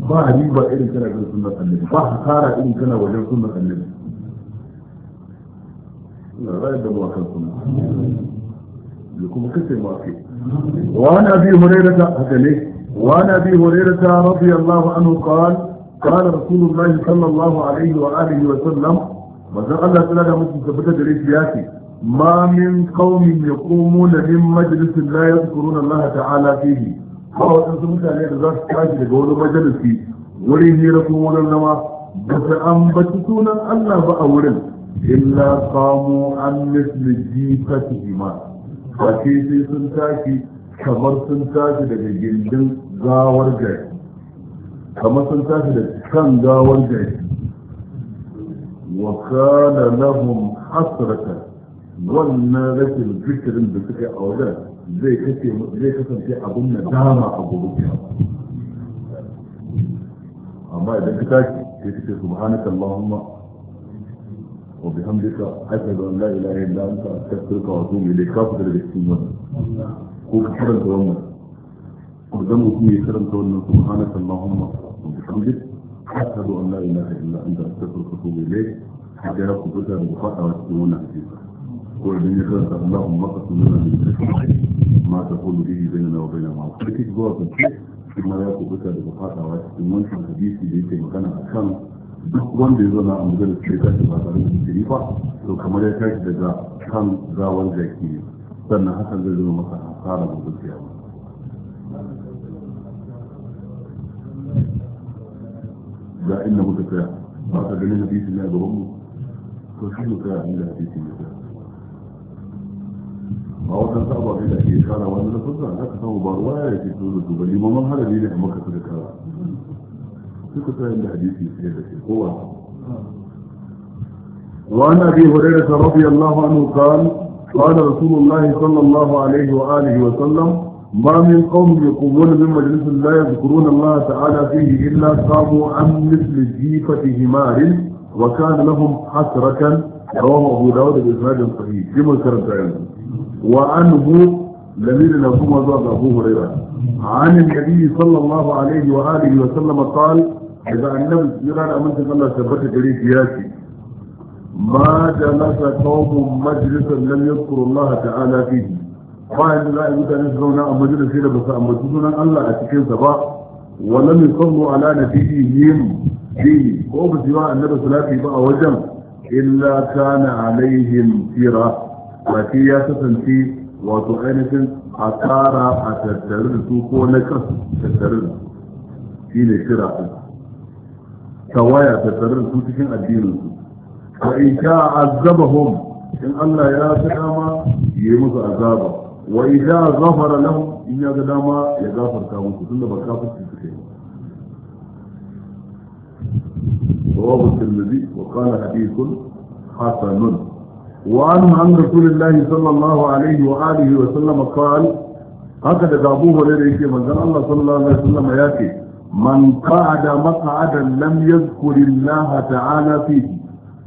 ba riba irin kana bin sunnar annabi ba hasara irin kana wajen sunnar annabi Allah ya da mu akan sunna ya kuma kace ma kai wa ana bi hurairata haka ne wa ana bi hurairata radiyallahu anhu qala قال sallallahu alaihi صلى الله wa sallam. وسلم manzon Allah ta da mutum tabbata da rishi ya ce ma min qaumin yaqumuna min majlisin la yadhkuruna Allah ta'ala fihi ba wadansu mutane da za su tashi daga wani majalisi wurin hira ko wurin nama. ba su ambaci sunan Allah ba a wurin illa qamu an misli jifatihima baki sai sun tashi kamar sun tashi daga gindin gawar gari. kamar sun tashi da kan gawar gari. wa kana lahum hasratan wannan rashin zikirin da suka yi a wajen zai kasance abin na dama a gobe amma idan ka tashi sai suke subhanaka allahumma وبحمدك أشهد أن لا إله إلا أنت أستغفرك وأتوب إليك كافر الاستيمان كوك حرم توما قدام اسمي حرم توما سبحانك اللهم وبحمدك أشهد أن لا إله إلا أنت أستغفرك وأتوب إليك حتى يأخذ بك المفاقة والسيمون حديثا وإذن يخلص اللهم قسم لنا من ما تقول به بيننا وبين معصيتك جواب ثم يأخذ بك المفاقة والسيمون حديثي ليس مكانها كامل duk wanda ya zana a magana sai ta ba tare da jiri ba to kamar ya kai daga kan zawar jaki ne sannan hakan zai zama masa hasara da zuciya ga inda muka tsaya ba ka ganin hadisi ne a gaban mu to shi ne tsaya inda hadisi ne tsaya ba wata sabon da ke kara wani lafasa za ka samu ba ruwa ya ke tsoro ba limaman harari ne a makasar da kara وعن ابي هريره رضي الله عنه قال قال رسول الله صلى الله عليه واله وسلم ما من قوم يقومون من مجلس لا يذكرون الله تعالى فيه الا قاموا عن مثل جيفه همار وكان لهم حسره رواه ابو داود باسناد صحيح كما كرمت وعنه لمن لكم وزاد أبو هريرة عن النبي صلى الله عليه وآله وسلم قال daga annabi yana da amincin Allah tabbata gare shi ya ce ma da nasa qaumun majlisan lam yadhkuru Allah ta'ala fihi ba yanzu za a yi mutane su zauna a majalisi da ba su ambaci sunan Allah a cikin sa ba wa lam yusallu ala nabiyihim fihi ko ba su yi wa annabi salati ba a wajen illa kana alaihim sira ba ya kasance wato ainihin a tsara a tattare da su ko na kan tattare da su shi ne shira tawaya ta tare da su cikin addinin su wa in sha azabahum in Allah ya ga dama yi musu azaba wa in sha ghafara lahum in ya ga dama ya gafarta musu tunda ba kafirci suke ba رواه الترمذي وقال حديث حسن وعنه عن alaihi wa alihi wa عليه وآله haka قال هكذا أبو هريرة يقول من الله صلى الله عليه وسلم يأتي man qa'ada maq'adan lam yadhkur Allah ta'ala fihi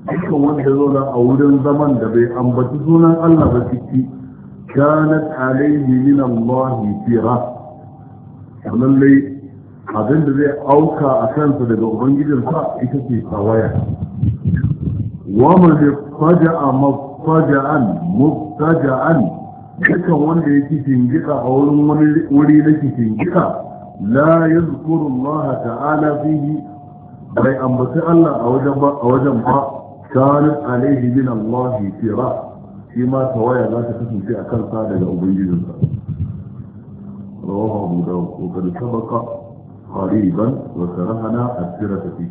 dukkan wanda ya zauna a wurin zaman da bai ambaci sunan Allah ba ciki kanat alaihi min Allah tira lallai abin da zai auka a kansa daga ubangijinsa ita ce tawaya wa man faja'a mafaja'an muftaja'an dukkan wanda ya kishin gida a wurin wani wuri na kishin gida la yadhkuru Allah ta'ala fihi bai ambaci Allah a wajen ba a wajen ba kanat alaihi min Allah shi ma tawaya za ta kasance a kansa daga ubangijinsa rawahu Abu Dawud wa qad sabaqa qariban wa sarahana as-sirata fi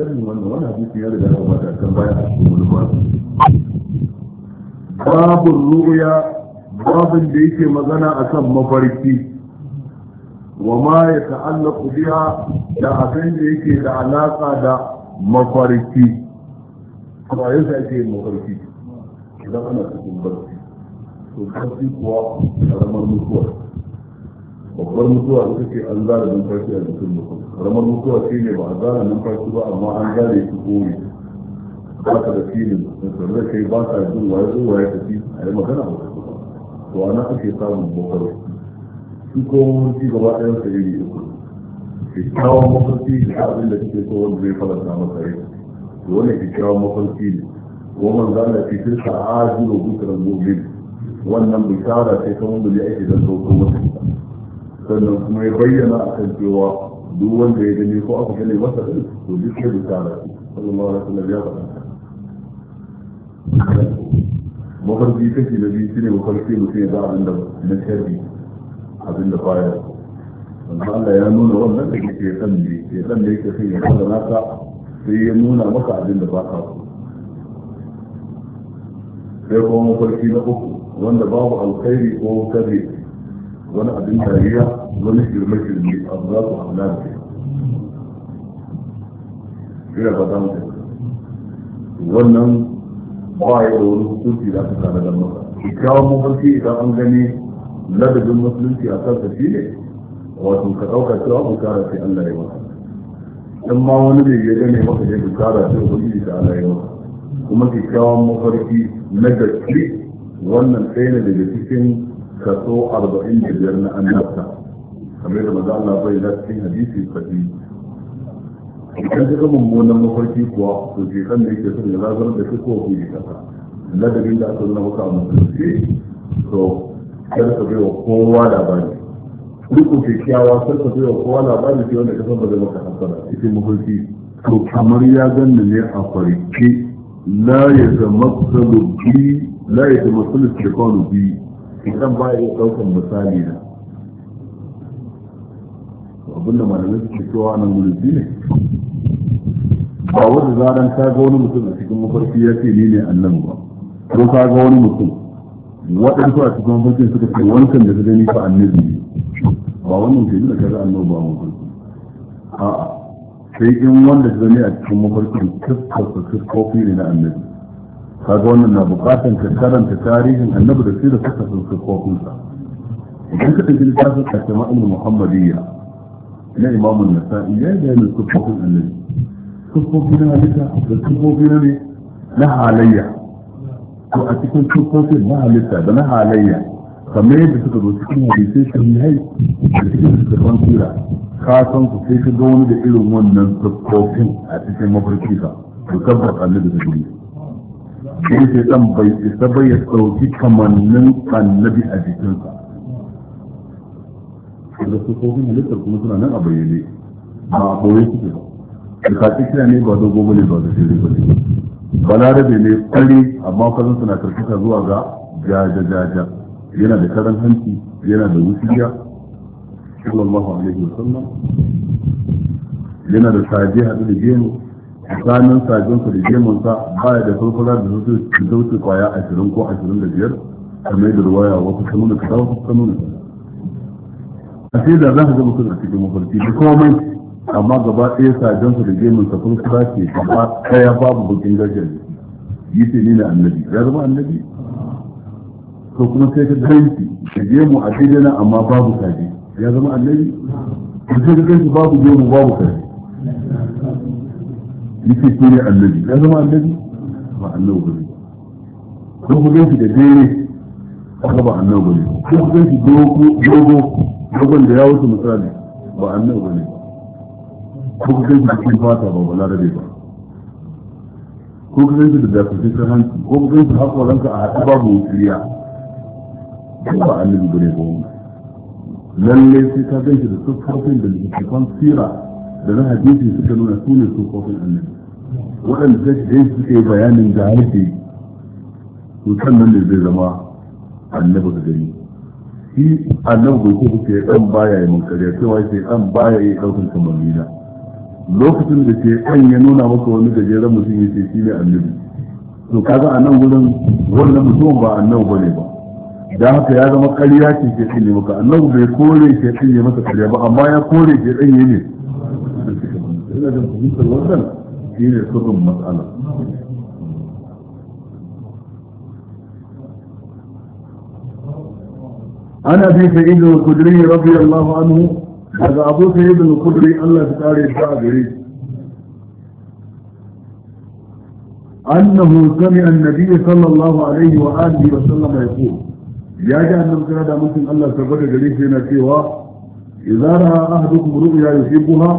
sirrin wannan wannan hadisi ya riga ya bada kan a cikin ruya babin da yake magana akan mafarki wa ya ta'allaku biya da abin da yake da alaka da mafarki ba yasa ake mafarki idan ana cikin barci to barci kuwa karamar mutuwa babbar mutuwa ita ce an zara numfashi a jikin mutum mutuwa shi ne ba a zara ba amma an zare shi koyi ba ka da filin da kai ba ka jin waye waye tafi a yi magana ba to ana ake samun mafarki su ko mafarki gaba ɗayan sa iri uku kyakkyawan mafarki da abin da suke so wanda zai faranta masa rai to wannan kyakkyawan mafarki ne ko man za na fi tilka ajiyo bukaran mu'min wannan bishara sai ta wanda ne ake zan sauko masa sannan kuma ya bayyana a kan cewa duk wanda ya gani ko aka gane masa ɗin to duk sai bishara ce sallallahu alaihi wasallam ya faɗa mafarki kashi na biyu shine mafarki mutum ya za a da na sharri abin da baya wanda Allah ya nuna wannan da ke san ne ke san da yake sai ya fara naka sai ya nuna maka abin da ba ka so sai kuma mafarki na uku wanda babu alkhairi ko kare wani abin dariya wani girme-girme abu za su hamla ne ina ba za mu wannan ba ya wani hukunci da aka kada da maka kyakkyawan mafarki idan an gani ladabin musulunci a kansa shi ne wato ka ɗauka cewa bukara sai Allah ya maka in ma wani ne ya gane maka ne bukara sai ubangiji ta Allah ya maka kuma kyakkyawan mafarki na gaske wannan ɗaya ne daga cikin kaso arba'in da biyar na annabta kamar da maza Allah bai da cikin hadisi fadi idan ka ga mummunan mafarki kuwa to je kan da yake son ya zama da shi ko ku yi kasa ladabin da aka nuna maka a musulunci to kar ka bai wa kowa labari rukun kyakkyawa kar ka bai wa kowa labari ce wanda kasan ba zai maka hasara ita mahaifi to kamar ya ganna ne a farke la ya zama bi la ya zama sulu shekaru bi idan ba ya ɗaukan misali na abinda malamai suke cewa nan gurbi ne ba wanda zaran ka ga wani mutum a cikin mafarki ya ce ni ne annan ba ko ka ga wani mutum waɗansu a cikin mafarkin suka ce wancan da su gani fa annabi ne ba wannan ke nuna kaga annabi ba mafarki a'a sai in wanda su gani a cikin mafarkin kuskusa kuskofi ne na annabi kaga wannan na buƙatar ka karanta tarihin annabi da su da kuskosin kuskofinsa idan ka ɗauki littafin al-jama'ul muhammadiyya na imamun nasa'i ya yi bayanin kuskofin annabi kuskofi na halitta da kuskofi na ne na halayya ko a cikin sufofin na halitta da na halayya kamar yadda suka zo cikin hadisai hai da cikin san tura ka san ku sai ka ga wani da irin wannan sufofin a cikin mafarki ka ku tabbar annabi da guri sai sai dan bai isa bai ya dauki kamannin annabi a jikinsa da sufofin halittar kuma suna nan a bayyane ba a boye suke ba da kaci kira ne ba dogo bane ba da shirye ba. balarabe ne kwari amma kwarin na karkata zuwa ga jajajaja yana da karan hanci yana da wuciya sallallahu alaihi wasallam yana da saje hadu da gemu tsakanin sajensa da gemunsa baya da farfara da da zauce kwaya ashirin ko ashirin da biyar kamar da ruwaya wasu kanuna kaɗa wasu kanuna a sai da za ka ga mutum a cikin mafarki da komai amma gaba ɗaya sajen su da gemin sa kun kira ce gaba ɗaya babu bukin da yi ce ni na annabi ya zama annabi ko kuma sai ka ganci da gemu a daidai na amma babu kaji ya zama annabi ko sai ka ganci babu gemu babu kaji yi ce shi ne annabi ya zama annabi ba annabi gari ko ku ganci da daidai aka ba annabi gari ko ku ganci dogo dogon da ya wuce misali ba annabi gari ko ka ganshi da kun fata ba rabe ba ko ka ganshi da dafafin hanci ko ka ganshi haƙoranka a haɗe babu wutsiriya ba annabi bane wani. lalle sai ka ganshi da sufofin da littattafan sira da na hadisi suka nuna su ne sufofin annabi waɗanda sai da suka yi bayanin da harshe to sannan da zai zama annabi ka gani shi annabi bai ko kuke ɗan baya yi munkari sai cewa ke ɗan baya yi ɗaukan kamarina lokacin da ke kan ya nuna maka wani gajeren mutum ya ce shi ne annabi to kaga a nan gudun wannan mutum ba annabi ba ne ba da haka ya zama kariya ce ke tsinye maka annabi bai kore ke tsinye maka kariya ba amma ya kore ke tsinye ne ina da fahimtar wannan shi ne sirrin matsala عن ابي سعيد الخدري رضي الله عنه هذا أبو سيد الخضري الله تعالى الجابري أنه سمع النبي صلى الله عليه وآله وسلم يقول يا جاء النبي هذا ممكن الله سبحانه جليل فينا سيوا إذا رأى أهدكم رؤيا يصيبها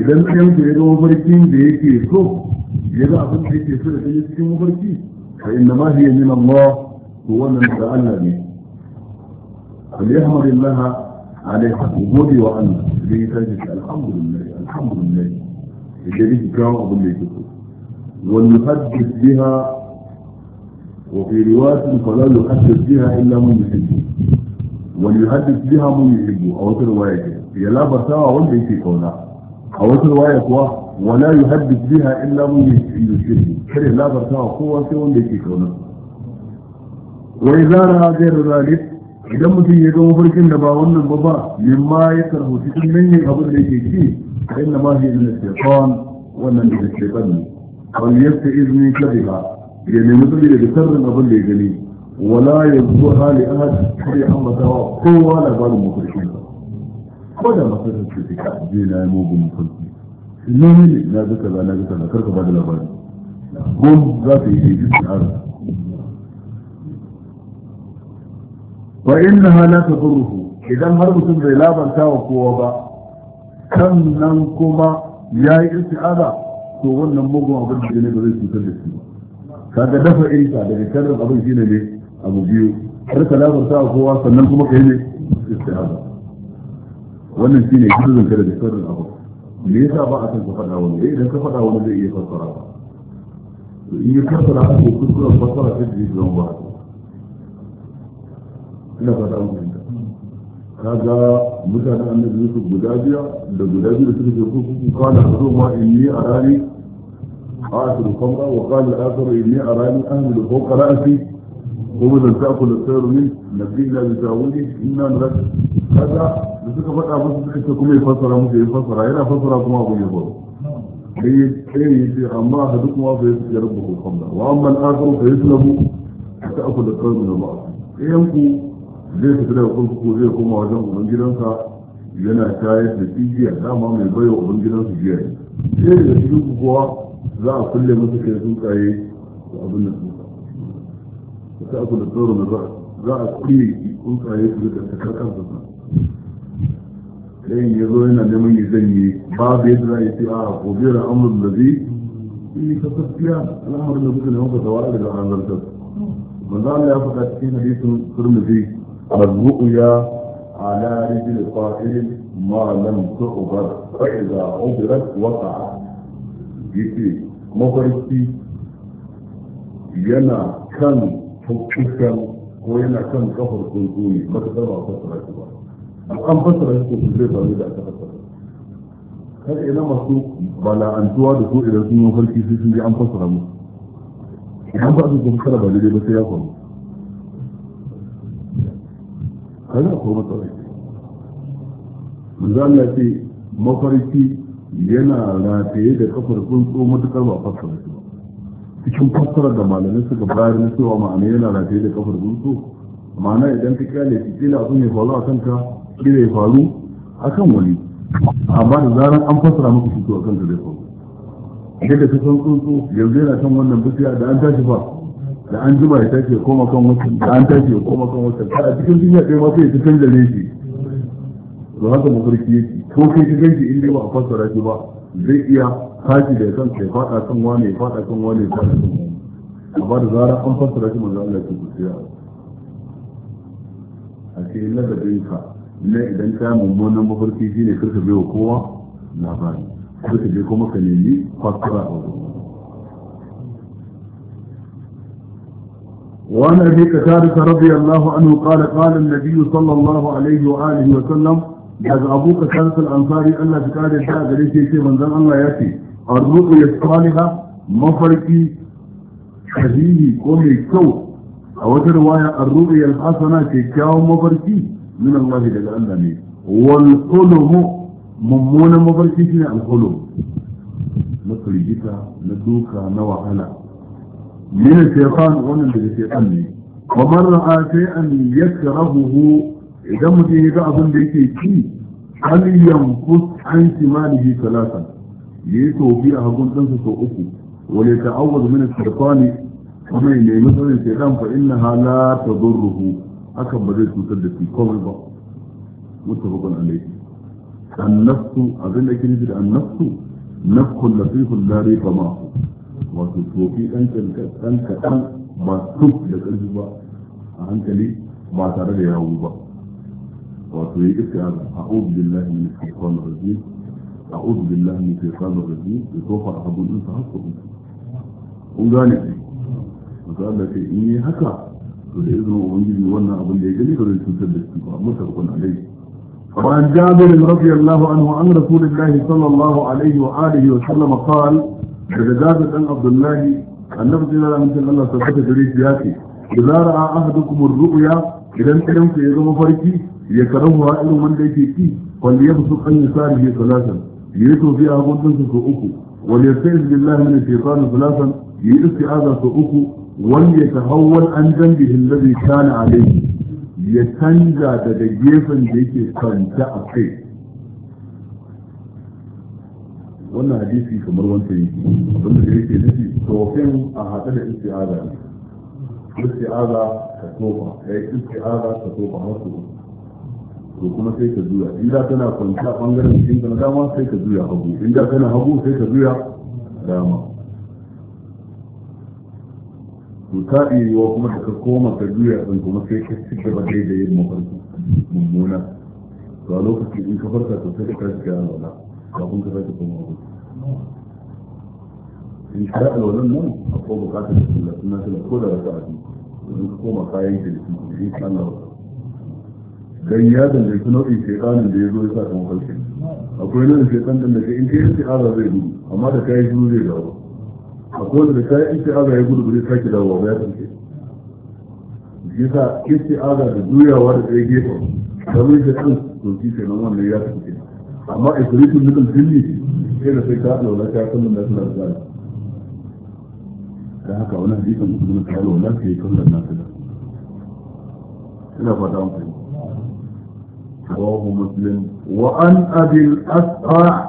إذا لم يمكن يدعو مباركين بهيك يسلو إذا أقول بيكي يسلو بيكي مفركين فإنما هي من الله هو من تعالى به فليحمد الله عليه قبولي وأنا ليه تجد الحمد لله الحمد لله الجديد كان أقول لي وليحدث بها وفي رواية فلا يحدث بها إلا من يحبه وليحدث بها من يحبه أو رواية يلا بساوى ولا في قولا أو رواية قوة ولا يحدث بها إلا من يحبه كره لا بساوى قوة ولا في قولا وإذا رأى غير ذلك idan mutum ya ga mafarkin da ba wannan ba ba mimma ya karhu cikin manyan abin da yake ci fa inna ma hiya min shaytan wannan da shaytan ne wal yasta izni ba. ya nemi tsari daga sharrin abin da ya gani wala ya zuwa hali ahad sai an masa kowa labarin mafarkin ko da mafarkin ce ka je na yi mugun mafarki ne ne na ga kaza na ga kaza karka ba da labari ko za ka yi shi fa innaha la tadurruhu idan har mutum bai labarta wa kowa ba kan nan kuma ya yayi isti'aza to wannan mugun abin da ne ba zai cutar da shi ba kaga dafa isa daga sharrin abin shine ne abu biyu har ka labarta wa kowa sannan kuma kai ne isti'aza wannan shine sirrin kada da sharrin abu me yasa ba a san ka faɗa wani eh idan ka faɗa wani zai iya fassara ba in ya fassara ko kuskuren fassara sai ya zama ba ina fata an fahimta kaga mutanen annabi yusuf guda biya da guda biyu suka je kurkuku kana zo ma inni a rani آخر الخمرة وقال الآخر إني أراني أهمل فوق رأسي ومن تأكل الطير منه نبينا بتاويله إنا نرد هذا بسك فتح بس بسك كم يفسر ممكن يفسر هنا فسر كما أبو يفسر هي هي أما أحدكم فيسقي ربه الخمرة وأما الآخر فيسلب تأكل الطير من البعض ينكو إيه zai tafi daga kurkuku zai koma wajen gidansa yana shayar da jijiya dama mai baiwa ubangidansa jiya ne sai daga cikin kuwa za a kulle masa kai tsuntsaye da abin da tsuntsa ta aku da tsoro na za za a kulle tsuntsaye su da takar kansa sun ɗayan ya zo yana neman ya yi babu yadda za a yi sai a gobe da amurin da zai yi ta tafiya al'amarin da suka neman ka zawara daga hanzartar manzo Allah ya faɗa cikin hadisin Tirmidhi الرؤيا على رجل قائل ما لم تعبر فإذا عبرت وقعت يتي mafarki yana kan fuskan ko yana kan kafar tsuntsu ne matuƙar ba fassara shi ba an fassara shi ko zai faru da aka fassara kada ina masu bala'antuwa da ko idan sun yi mafarki sai sun an fassara mu idan ba su fassara ba daidai ba sai ya faru kaza ko matsalar manzo Allah ce mafarki yana rataye da kafar tso matukar ba fassara shi ba cikin fassara da malamai suka bayar na cewa ma'ana yana rataye da kafar tso ma'ana idan ka kyale shi kila sun yi faru a kanka kila ya faru a kan wani amma da zarar an fassara maka shi to a kanka zai faru yadda ka san tsuntsu yanzu yana kan wannan bishiya da an tashi fa da an jima ya tashi ya koma kan wata da an tashi ya koma kan Ta a cikin duniya ɗaya ma sai ya canza ne shi to haka mafarki ce ko kai cikin ganci inda ba a fassara shi ba zai iya tashi da kan sai faɗa kan wani ya faɗa kan wani ya faɗa kan wani amma da zarar an fassara shi manzo Allah ya ce a ce na da dinka ne idan ka mummunan mafarki shine karka bai wa kowa labari karka je kuma ka nemi fassara a wurin وعن أبي قتادة رضي الله عنه قال قال النبي صلى الله عليه وآله وسلم daga abu ka kansar ansari Allah ta kare ta gare shi ce manzon Allah ya ce arruku ya saliha mafarki sahihi ko mai kyau a wata riwaya arruku ya Hassana ke kyawun mafarki min Allah daga Allah ne wal mummunan mafarki shine al qulum na firgita na duka na wahala من الشيطان ومن الشيطان ومن رأى شيئا يكرهه إذا مجيه كأظن بيكي كي هل ينقص عن شماله ثلاثا يتو في أهقون تنسى سوءكو وليتعوض من الشيطان ومن يمثل الشيطان فإنها لا تضره أكبر بديت مسدسي قوم البعض متفق عليه النفس أظن أكيد النفس نفخ لطيف لا ريب معه wato tofi ɗan kaɗan kaɗan ba su da ƙarfi ba a hankali ba tare da yawo ba wato yi iska a a'udhu billahi min shaitanir rajim a'udhu billahi min shaitanir rajim da tofa a hagun ɗinsa har sau uku kun gane shi wato Allah ce in yi haka to da izinin ubangiji wannan abin da ya gani ba zai cutar da shi ba mutarkun alaihi وعن جابر رضي الله عنه عن رسول الله صلى الله عليه وآله وسلم قال daga jabir dan abdullahi annabi sallallahu alaihi wasallam Allah tabbata gare shi ya ce idza ra'a ahadukum ar-ru'ya idan idan ku ya zama farki ya karamu wa irin wanda yake ki wal yabsu an yasarihi salatan yato fi abundun su uku wal yastaiz billahi min ash-shaytan salatan yi aza su uku ta yatahawwal an janbihi alladhi kana alayhi ya canza daga gefen da yake kwanta a kai wannan hadisi kamar wanda yake wanda da yake nufi tofin a haɗe da isti'aza ne isti'aza ka tofa Ya yi isti'aza ka tofa har su to kuma sai ka juya in da tana a bangaren cikin ka dama sai ka juya hagu in da tana hagu sai ka juya dama to ta iya kuma da ka koma ka juya ɗin kuma sai ka ci gaba daidai yin mafarki mummuna to a lokacin in ka farka to sai ka tashi ka yi ba kun ka zaka kuma ku in kada da wannan nan ko bukatar da suna sunna da ko da wata abin in koma kayan ki da sunna in kana dan ya danganci nau'in shekanin da ya zo ya sa kan halke akwai nau'in shekan din da in kai istihaza zai gudu amma da yi shiru zai dawo akwai wanda da kayan istihaza ya gudu ba zai sake dawowa ba ya tafi tsanke yasa istihaza da juyawa da tsaye gefen kamar yi kan soki kenan wannan ya fi amma a kirishin nukul jini sai da sai ka haɗa ta ka kallon da zai da haka wani hadisan musulmi ka haɗa wala sai yi kallon da fila ina fata an fahimta رواه مسلم وعن ابي الاسقع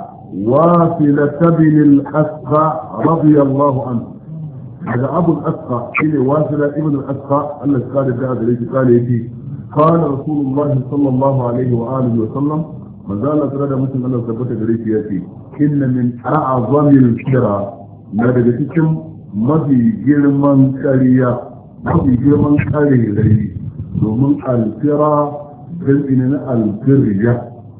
وافلة بن الاسقع رضي الله عنه هذا ابو الاسقع الى وافلة ابن الاسقع الذي قال بهذا الذي قال رسول الله صلى الله عليه واله وسلم manzo Allah sura da mutum Allah tabbata gare shi yace inna min a'zamil kira na daga cikin mafi girman kariya mafi girman kare rai domin alkira jirgi ne na alkiriya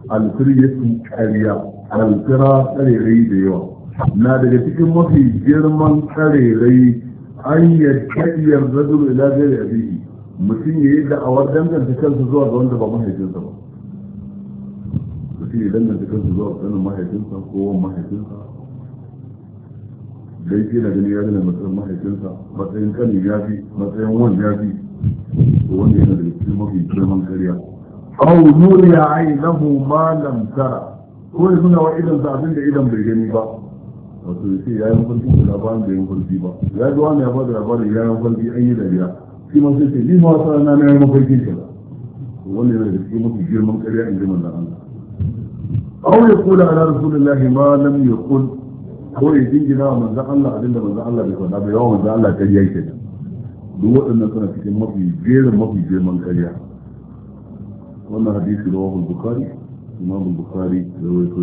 alkiriya kariya alkira kare rai da yawa na daga cikin mafi girman kare rai an yadda iya rajul ila gari abihi mutum ya yi da'awar danganta kansa zuwa ga wanda ba mahaifinsa ba shine danganta kansu zuwa tsanin mahaifinsa ko wan mahaifinsa dai shi na gani ya gane matsayin mahaifinsa matsayin kanin ya fi matsayin wan ya fi to wanda yana da cikin mafi girman karya aw nuriya ainihu ma lam tara ko ya suna wa idan sa abin da idan bai gani ba wato ya ce yayin kwalbi da labarin da yin kwalbi ba ya ji wani ya bada labarin yayin kwalbi an yi dariya shi ma sai ce ni ma wasa na na yayin kwalbi ke ba wannan yana da cikin mafi girman kariya in ji manzan Allah aw yaqulu ala rasulillahi ma lam yaqul ko ya dingina wa manzon Allah abinda manzon Allah bai faɗa ba yawan manzon Allah kai yake da duk waɗannan suna cikin mafi jerin mafi girman karya wannan hadisi da wahul bukari imam bukari da waito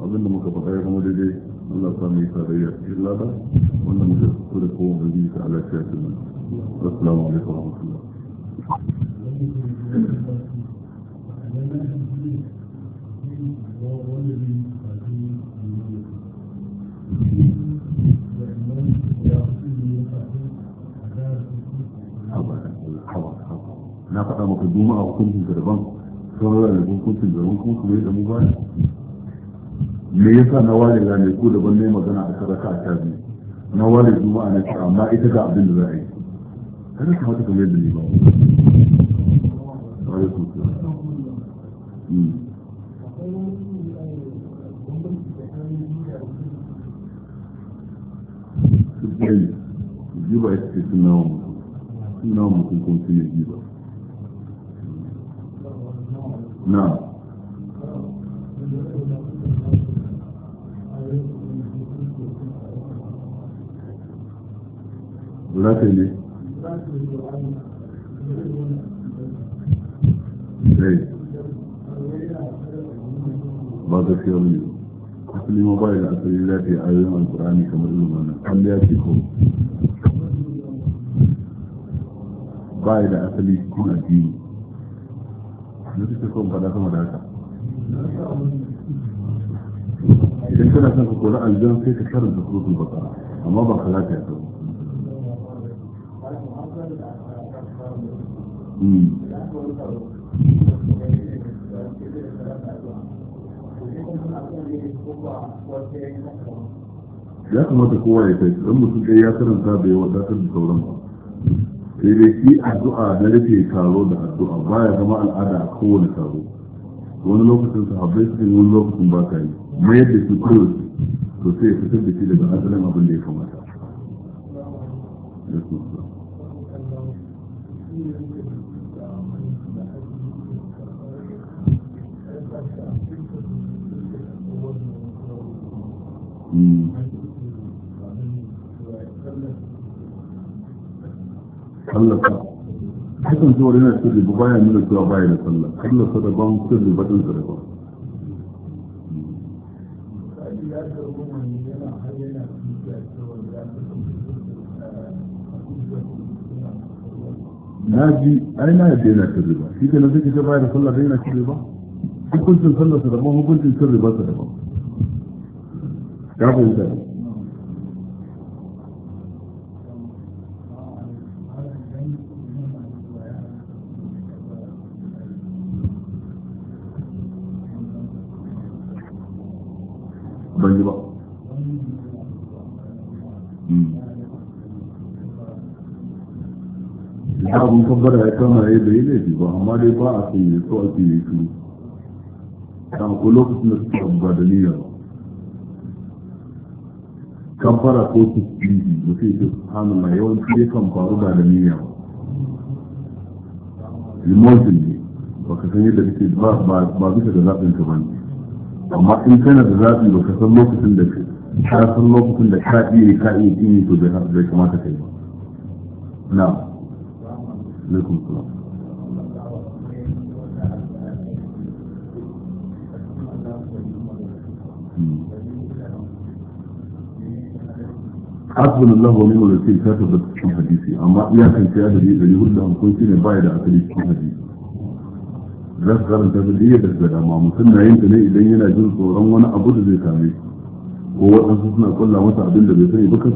abinda muka faɗa ya kuma daidai Allah ta mai tarayya cikin lada wannan mutum su da kowa mai yi ta alaƙa ya tunan assalamu alaikum wa rahmatullah na faɗa maka a hukuncin garban sauran da hukuncin garban kuma su yi da mu baya me yasa na ware ranar ko daban ne magana a sarrafa a ta na ware duma a ce amma ita ga abin da za a yi kada ka mata kamar yadda ne ba wa alaikum salam hmm. o Giba é escrito não. Não, não continua Giba. Não. Durante Sei. Bota aqui é ao livro. asali ma ba da asali za ta yi ayoyin alkurani kamar irin wannan da ya ce ko ba da asali cikin addini na suke son faɗa sama da haka idan kana son ka kori aljan sai ka karanta surutun baka amma ba ka lafiya ta Mm. ya kamata kowa ya kai don mutum ɗaya ya karanta bai yawa da sauran ba sai dai shi addu'a na rufe taro da addu'a baya zama al'ada a kowane taro wani lokacin sahabbai su yi wani lokacin ba ka yi mayar da kuro su to sai ya fitar da shi daga asalin abin da ya kamata sallata hakan zuwa yana cikin riba baya nuna cewa baya da sallah sallata da ban cikin riba ɗin sa daban na ji ai na yadda yana cikin ba, shi ke nan suke ta baya da sallah da yana cikin ba? hukuncin sallah sa daban hukuncin cikin riba sa daban ka fahimta ban ji ba da abin kabbara ya kama ya bai laifi ba amma dai ba a sun yi so ake yi su ta ko lokacin da suka ba da niyyar kafara ko tasbihi mutum ya subhanallah yawanci kan faru da da niyya ba emotion ne ba ka san yadda kake ba bisa da zaɓin ka bane amma in kana da zaɓi ba ka san lokacin da ka ka san lokacin da ka iya ka iya yi to bai kamata kai ba na alaikum salam hasbunallahu wa ni'mal wakeel ta tabbata da asali cikin karanta da iya da dama mutum ne idan yana jin tsoron wani abu da zai ko waɗansu suna kulla masa abin da sani ba kan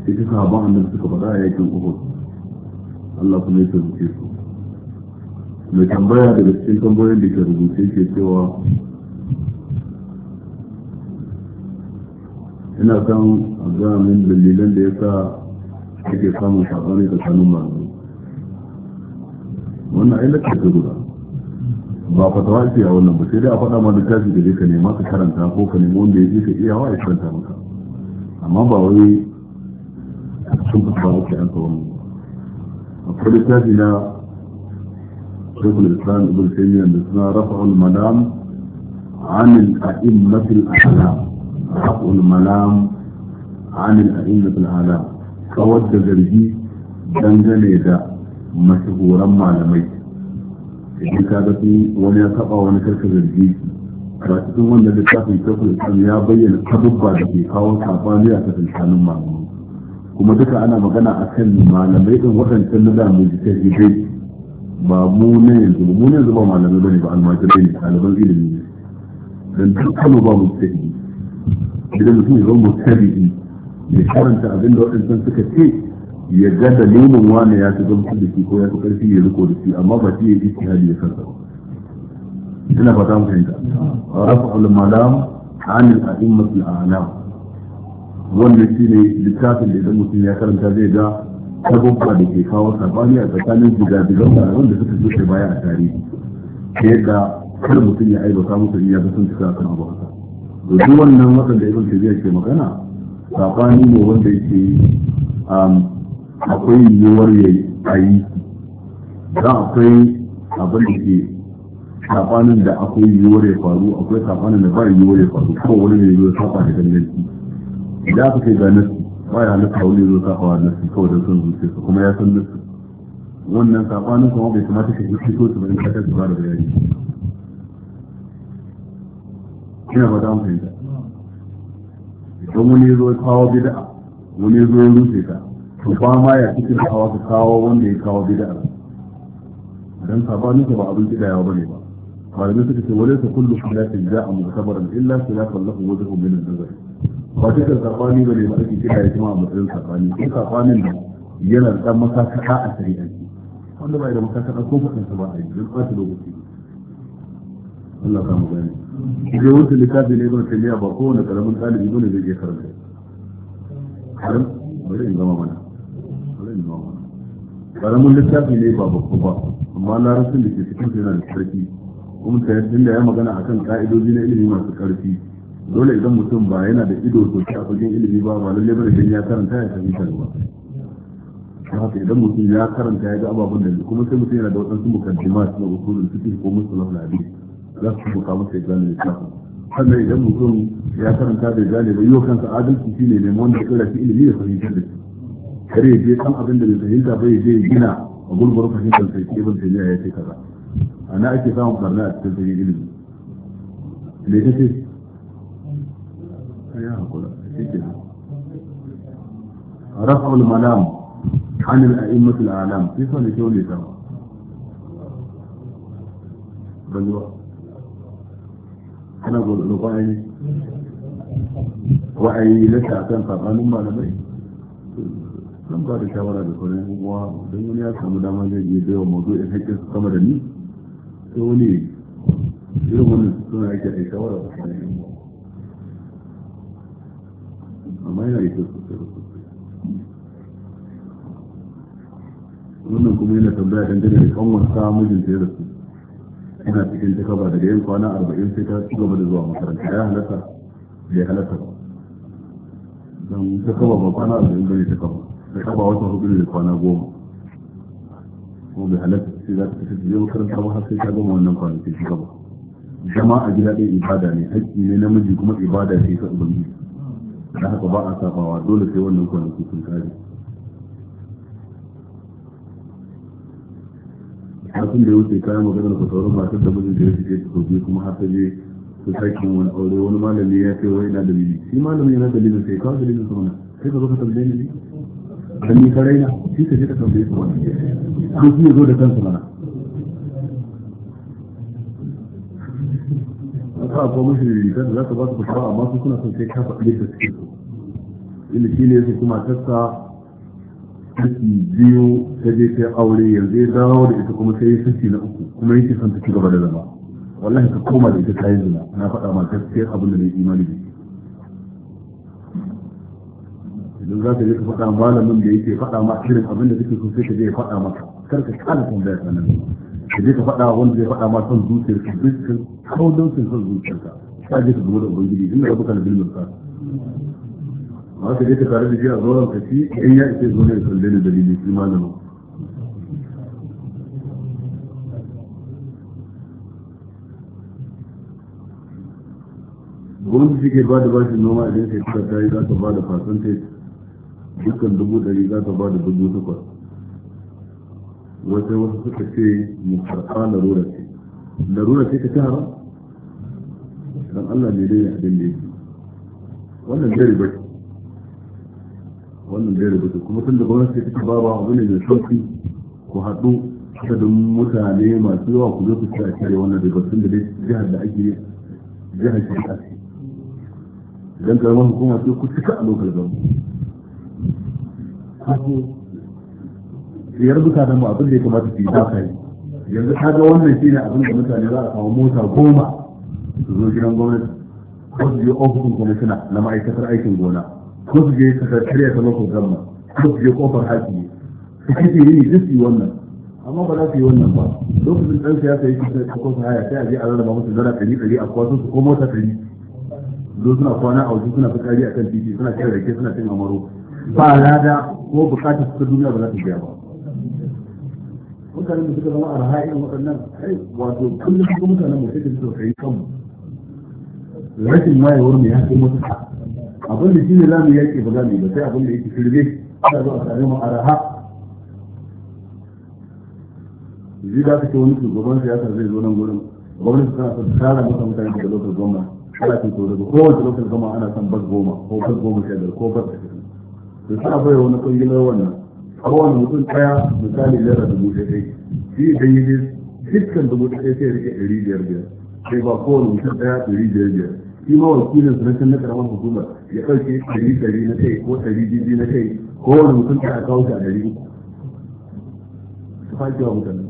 cutar suka faɗa a yakin Allah kuma ya taimake su mai tambaya daga cikin tambayoyin da ke rubuce ke cewa ina kan azamin dalilan da ya sa ake samun saɓani tsakanin malamai wannan ai lakar ta guda ba fata wa ce a wannan ba sai dai a faɗa ma littafi da ka nema ka karanta ko ka nemi wanda ya ka iya wa ya karanta maka amma ba wai sun fatawa ake an wannan akwai littafi na shekul islam ibn taymiyyah da suna rafa'ul عن الأئمة الأعلام حق الملام عن الأئمة الأعلام كود zargi dangane da mashahuran malamai idan ka ga wani ya taba wani karka zargi ba cikin wanda littafin shekul islam ya bayyana sabubba da ke kawo sabani a tsakanin malamai kuma duka ana magana a kan malamai ɗin waɗancan na da mai jita ba mu ne yanzu mu ne yanzu ba malamai bane ba almajirai ne ɗaliban ilimi ne dan duk kano ba mu jita idan mutum ya zama mutabi'i ya karanta abin da waɗancan suka ce ya ga dalilin wane ya fi gamsu da shi ko ya fi ƙarfi ya riko da shi amma ba shi ya yi hali ya kansa ba ina fata mu fahimta rafa al-malam an al-a'immatul a'lam wannan shi ne littafin da idan mutum ya karanta zai ga abubuwa da ke kawo sabani a tsakanin jigajigan malaman da suka zuce baya a tarihi ta yadda kar mutum ya aibata musu in ya ga sun cika kan abu haka to duk wannan da ibn tabiya ke magana sabani ne wanda yake um, akwai yiwuwar ya yi za akwai abin da ke sabanin da akwai yiwuwar ya faru akwai sabanin da ba yiwuwar ya faru kuma wani ne yiwuwar saba da ganganci idan aka kai ga nasu ba ya halitta wani zo saba wa nasu kawai da son zuce su kuma ya san nasu wannan sabanin kuma bai kamata ka yi fito su bayan kasar su ba da bayani ina ba ta fahimta idan wani zo ya kawo bid'a wani zo ya rufe ta to ba ma ya cikin hawa ka kawo wanda ya kawo bid'a dan ka ba abin kidayawa bane ba malamai suka ce wale ta kullu khilafi ja'a mu'tabaran illa khilafan ya wajhu wajen an nazari ba dukkan sabani ba ne ba ake kira ya kuma a matsayin sabani ko sabanin da yana da dan makasaka a shari'anci wanda bai da makasaka ko kuɗin sa ba a yi ba ɓata lokaci Allah ka mu gani idan wuce littafi ne ta liya ba kowane karamin ɗalibi ne zai je karanta haram ba in gama mana bari in gama mana karamin littafi ne ba babba ba amma larabcin da ke cikin yana da sarki kuma ta yadda ya magana akan ka'idoji na ilimi masu ƙarfi dole idan mutum ba yana da ido sosai a fagen ilimi ba ba lalle bane ya karanta ya tafi fahimta ba haka idan mutum ya karanta ya ga ababen da kuma sai mutum yana da waɗansu mukaddimat na usulul fiqh ko musulun hadith za su buka masa ya gane littafin sannan idan mutum ya karanta da gane ba yau kansa adalci shine ne wanda ya kira shi ilimi ya fahimta da shi kare ya je kan abin da bai fahimta bai je gina a gurgurar fahimtar sai ke bin tafiya ya ce kaza ana ake samun barna a cikin ilimi me kace ya hakura shike rafa'ul malam an al-a'immatul alam fi sani dole ta banzuwa ana gudu ra'ayi ra'ayi na shafan tsakanin malamai sun ba da shawara da sauran uwa don wani ya samu dama zai je da yawan mazu'in haƙƙin su sama da ni sai wani irin wannan suna yake a shawara da sauran amma yana da kyau sosai da sosai wannan kuma yana tambaya dangane da kanwar sa mijinta ya rasu ina cikin ta kaba daga yin kwana arba'in sai ta ci gaba da zuwa makaranta ya halatta bai halatta ba don ta kaba ba kwana arba'in bane ta kaba ta kaba wata hudu ne da kwana goma kuma bai halatta sai za ta fita ta je makaranta ba har sai ta gama wannan kwanaki ta kaba zama a gida ɗaya ibada ne haƙƙi ne namiji kuma ibada ce ta ubangiji da haka ba a sabawa dole sai wannan kwanaki sun kare hakan da ya wuce kayan maganar ku sauran matar da mijin da ya fice su sauke kuma har ta je su sakin wani aure wani malami ya ce wai na dalili shi malami yana dalilin sai kawo dalilin sauna sai ka zo ka tambaye ni dan ni ka raina shi ka je ka tambaye sa mana ko shi ya zo da kansa mana za a kawo da za ka ba su amma su suna son sai ka faɗi da suke inda shi ne su kuma tassa saki biyu ta je ta aure yanzu ya dawo da ita kuma sai ya saki na uku kuma yake son ta ci gaba da zama wallahi ka koma da ita ta yi zina na faɗa ma gaskiyar abin da na yi imani da idan za ka je ka faɗa malamin da yake faɗa ma abin da kake so sai ka je ya faɗa maka kar ka kana sanar ka je ka faɗa wanda zai faɗa ma son zuciyar ka dukkan kaudon sun son zuciyar ka ka je ka zuwa da ubangiji inda rabu kana bilmin ka ma ka je ka tare da shi a zauren ka ci in ya isa zo ne sun daina dalili shi malamin gwamnati ke ba da bashin noma idan sai ta yi za ta ba da fasanta dukkan dubu ɗari za ta ba da dubu takwas wajen wasu suka ce mu na rura ce rura ce ka ci haram dan Allah ne dai abin da yake wannan jari ba wannan jari ba kuma tun da gwamnati ta ba ba abu ne mai sauki ku haɗu da mutane masu yawa ku zo ku ci a kare wannan riba tun da dai jihar da ake jihar ke ake idan karamar hukuma sai ku cika a lokacin gwamnati biyar mutanen mu abin da ya kamata su yi za ka yi yanzu ka ga wannan shi ne abin da mutane za a kawo mota goma su zo gidan gwamnati ko su je ofishin kwamishina na ma'aikatar aikin gona ko su je sakatariya ta lokacin gamma ko su je kofar haƙi su kike yi duk yi wannan amma ba za su yi wannan ba lokacin ɗan siyasa yake kusa ta kofa haya sai a je a rarraba musu dala ɗari ɗari a kwaso su ko mota ɗari zo suna kwana a wajen suna fitsari a kan titi suna cin rake suna cin amaro ba lada ko bukatar su ta duniya ba za su biya ba mutanen da suka zama a raha'in waɗannan wato kullum kuma mutanen mu sai da kai kanmu rashin maye mu ya kai mutuka abin da shine zamu yake ba zamu ba sai abin da yake shirye ana zo a sami mu araha. zai da su ce wani shugaban siyasa zai zo nan gurin gwamnati tana son tara masa mutane daga lokacin goma. ana cin tsoro daga kowace lokacin goma ana son bas goma ko bas goma shaidar ko bas da to sai a bai wani kungiyar wannan A kowane mutum ɗaya misali naira dubu ɗaya shi idan yi ne dukkan dubu ɗaya sai rike ɗari biyar biyar sai ba kowane mutum ɗaya ɗari biyar biyar shi ma wakilin sanatan na karamar hukuma ya ɗauke ɗari ɗari na kai ko ɗari biyu na kai kowane mutum ɗaya kawo shi a ɗari uku su faɗi wa mutane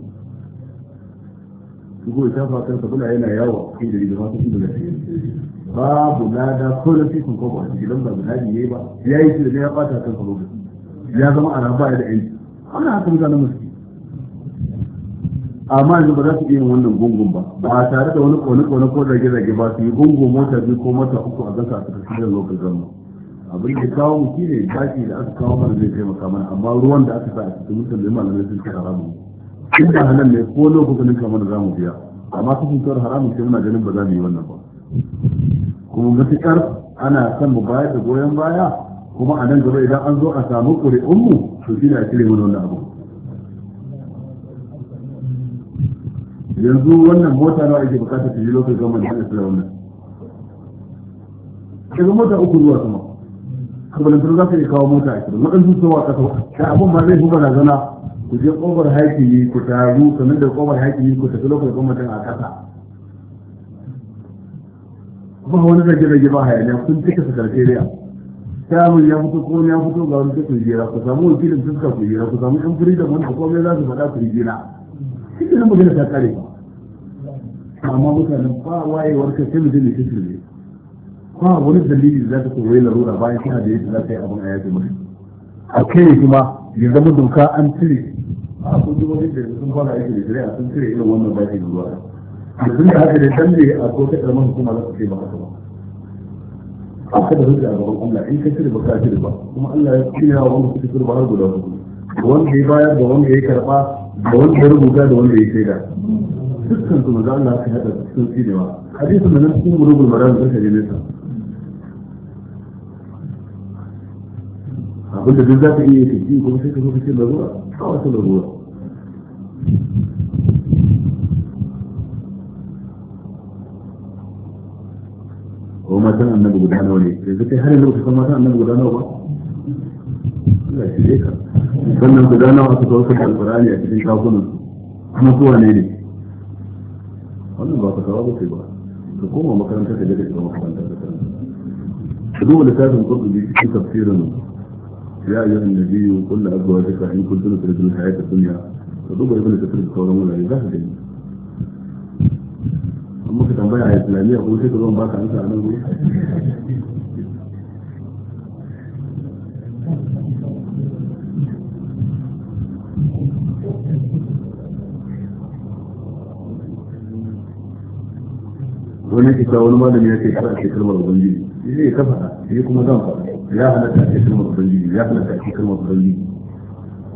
su kuma shafa kansa kuna yana yawo a cikin gari da masu inda da babu lada ko na fikin ko ba a cikin lamba da ya yi ba ya yi shi da ya ɓata kan lokaci ya zama a raba da yanki ana haka mutanen musulmi amma yanzu ba za su iya yin wannan gungun ba ba tare da wani kone kone ko da rage ba su yi gungun mota biyu ko mota uku a gasa a cikin da lokacin zama abin da kawo mu shine baki da aka kawo mana zai taimaka mana amma ruwan da aka sa a cikin da malamai sun ce haramun in ba halal ne ko lokacin mana za mu biya amma sun kasancewar haramun sai muna ganin ba za mu yi wannan ba kuma matuƙar ana son mu bayar da goyon baya kuma a nan gaba idan an zo a samu ƙuri'unmu to shi da a cire mana wannan abu yanzu wannan mota nawa ake bukata ta yi lokacin gama da hannun sura wannan kaga mota uku zuwa sama kabalantar za ka iya kawo mota a kiran waɗansu sowa ƙasa ta abin ma zai fi barazana ku je ƙofar haikili ku taru sannan da ƙofar haikili ku tafi lokacin gama a ƙasa ba wani zage-zage ba hayaniya kun cika sakarferiya samun ya fito ko ya fito ga wani ku jira ku samu wakilin fuska ku jira ku samu ɗan freedom wanda komai za su faɗa ku jira shi ne magana ta kare ba amma mutanen ba wayewar ka sai mutum ne kishi ne ba wani dalili za ta koyi larura bayan kana da yadda za ta yi abin a yaji mutum a kai kuma ya zama doka an cire a kun ji wani da sun fara aiki da a sun cire irin wannan bayan ruwa da sun da haka da dan ne a ko ta karamar hukuma za su ce ba haka ba ba da hujja a gaban Allah in ka cire ba ka ba kuma Allah ya cire wa wanda suka cire ba har guda wanda ya bayar da wanda ya karba da wanda ya rubuta da wanda ya shaida dukkan su manzo Allah ka hada sun cirewa hadisin da nan cikin rubul maram da kaje nesa abinda duk za ka iya yi kuma sai ka zo ka ce lagura kawai ta lagura ما كان النبي قد حانه ولي ذكي هل يدرك فما كان النبي قد حانه ولي لا يشيك فانه قد حانه وتتوسك على القرآن يأتي في كافونا أما قوة نيلي قال الله تكرابه في بعض تقوم وما كان تكي جديد وما كان تكي جديد فدوه لكاتب قرد بي في تفسير يا أيها النبي وكل أزواجك إن كنتم تريدون الحياة الدنيا فدوه يبني تفسير بخورمون على ذهب جديد an muka tambaya a islamiyya ko sai ka zo baka amsa a nan gudu wani kita wani malami ya ce kada a kalmar ubangiji zai ka faɗa sai kuma zan faɗa ya halatta a kalmar ubangiji ya halatta a kalmar ubangiji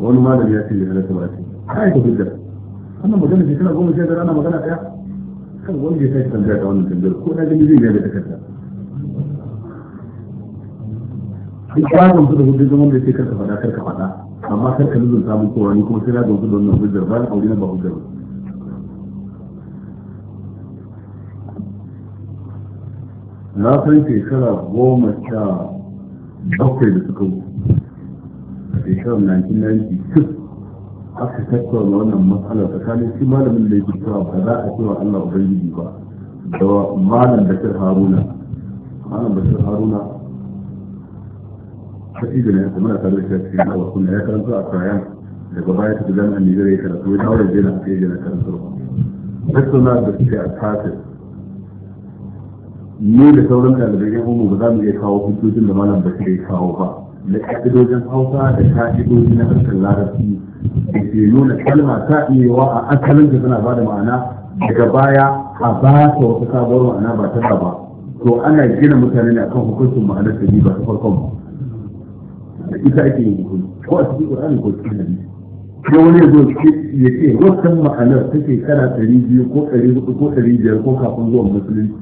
wani malami ya ce ya halatta ba ce ai ka hujja wannan magana shekara goma sha biyar ana magana ɗaya kan wanda ya sake tambaya ta wannan tambayar ko na gani zai da takarda duk ba gamsu da hudu zaman da sai karka faɗa karka faɗa amma karka nuzun samun kowa ni kuma sai na gamsu don nan hujjar ba a wuri na ba hujjar ba na san shekara goma sha bakwai da suka wuce a shekarar 1996 aka tattauna wannan matsala tsakanin shi malamin da yake cewa ba za a cewa Allah ubangiji ba da malam bashir haruna malam bashir haruna sai da ne kuma na tare da shi a wasu ne ya karanta a kayan daga baya ta jami'an Nijar ya karatu ya dawo da jina a kai jina karanta tattauna da suke a kafin ni da sauran ɗalibai ya umu ba za mu iya kawo hujjojin da malam bashir ya kawo ba da ƙa'idojin hausa da ƙa'idoji na harkar larabci da ke nuna kalma ta iyawa a asalin da suna ba da ma'ana daga baya a ba ta wata sabuwar ma'ana ba ta ba to ana gina mutane ne akan hukuncin ma'anar ta ba ta farkon ba da ita ake yin hukunci ko a cikin ƙur'ani ko cikin hadisi ko wani yanzu ya ce wannan ma'anar ta shekara ɗari biyu ko ɗari hudu ko ɗari biyar ko kafin zuwan musulunci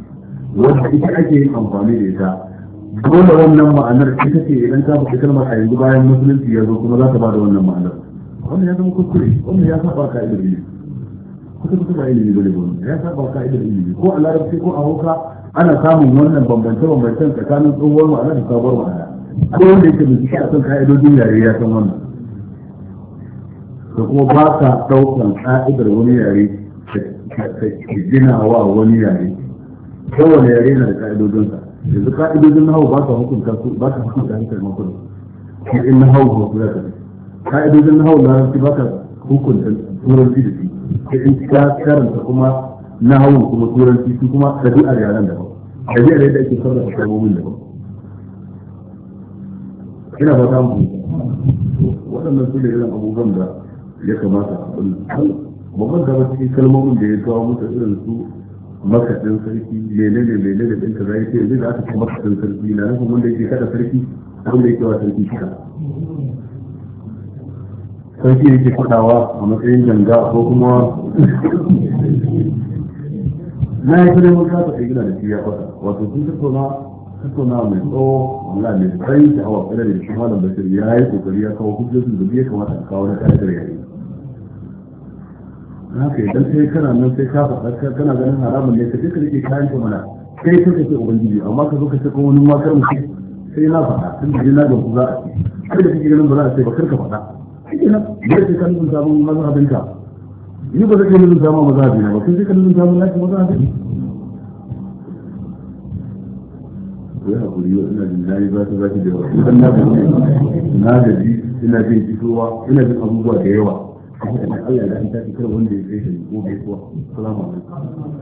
wanda ita ake yin amfani da ita dole wannan ma'anar ita ce idan ka faɗi kalmar a yanzu bayan musulunci ya zo kuma za ta ba da wannan ma'anar wannan ya zama kuskure wannan ya saba ka'idar ilimi kusa kusa ba ilimi bane ba ya saba ka'idar ilimi ko a larabci ko a hauka ana samun wannan bambance bambancen tsakanin tsohuwar ma'ana da sabuwar ma'ana ko wanda yake bincike a kan ka'idodin yare ya san wannan da kuma ba ka ɗaukan ka'idar wani yare ka gina wa wani yare kowane yare na da ka'idodinsa yanzu ka'idojin na hau ba ta hukunta su ba ta hukunta hankali makon shi in na hau ba su zaka ka'idojin na hau larabci ba ta hukunta turanci da shi sai in ka karanta kuma na hau kuma turanci su kuma ɗabi'ar yaren da ba ɗabi'ar yadda ake sarrafa kalmomin da ba ina ba ta mu waɗannan su ne irin abubuwan da ya kamata a babban gaba cikin kalmomin da ya kawo mutu irin su makasin sarki menene menene din kaza yake yanzu da aka ce makasin sarki na nufin wanda yake kada sarki wanda yake wa sarki kika sarki yake kudawa a matsayin ganga ko kuma na yi kudin wata ta gina da shi ya fata wato sun tattauna tattauna mai tsawo wala mai tsayin sha'awa kada da shi malam bashir ya yi kokari ya kawo hujjojin da ya kamata a kawo na kare da haka idan kai kana nan sai ka faɗa kana ganin haramun ne ka duka rike kayan ka mana kai sai ka ce ubangiji amma ka zo ka ce kuma wani makar mutum sai na faɗa tun da na gamsu za a ce kai da kake ganin ba za a ce ba kar ka faɗa shi ne da sai ka nuna sabon mazhabinka ni ba zai nuna sabon mazhabina ba kun sai ka nuna sabon naki mazhabin ya haƙuri wa ina jin nayi za ta za ki da yawa idan na gaji ina jin fitowa ina jin abubuwa da yawa Allah ya ta fitar wanda ya kai shi gobe ko assalamu alaikum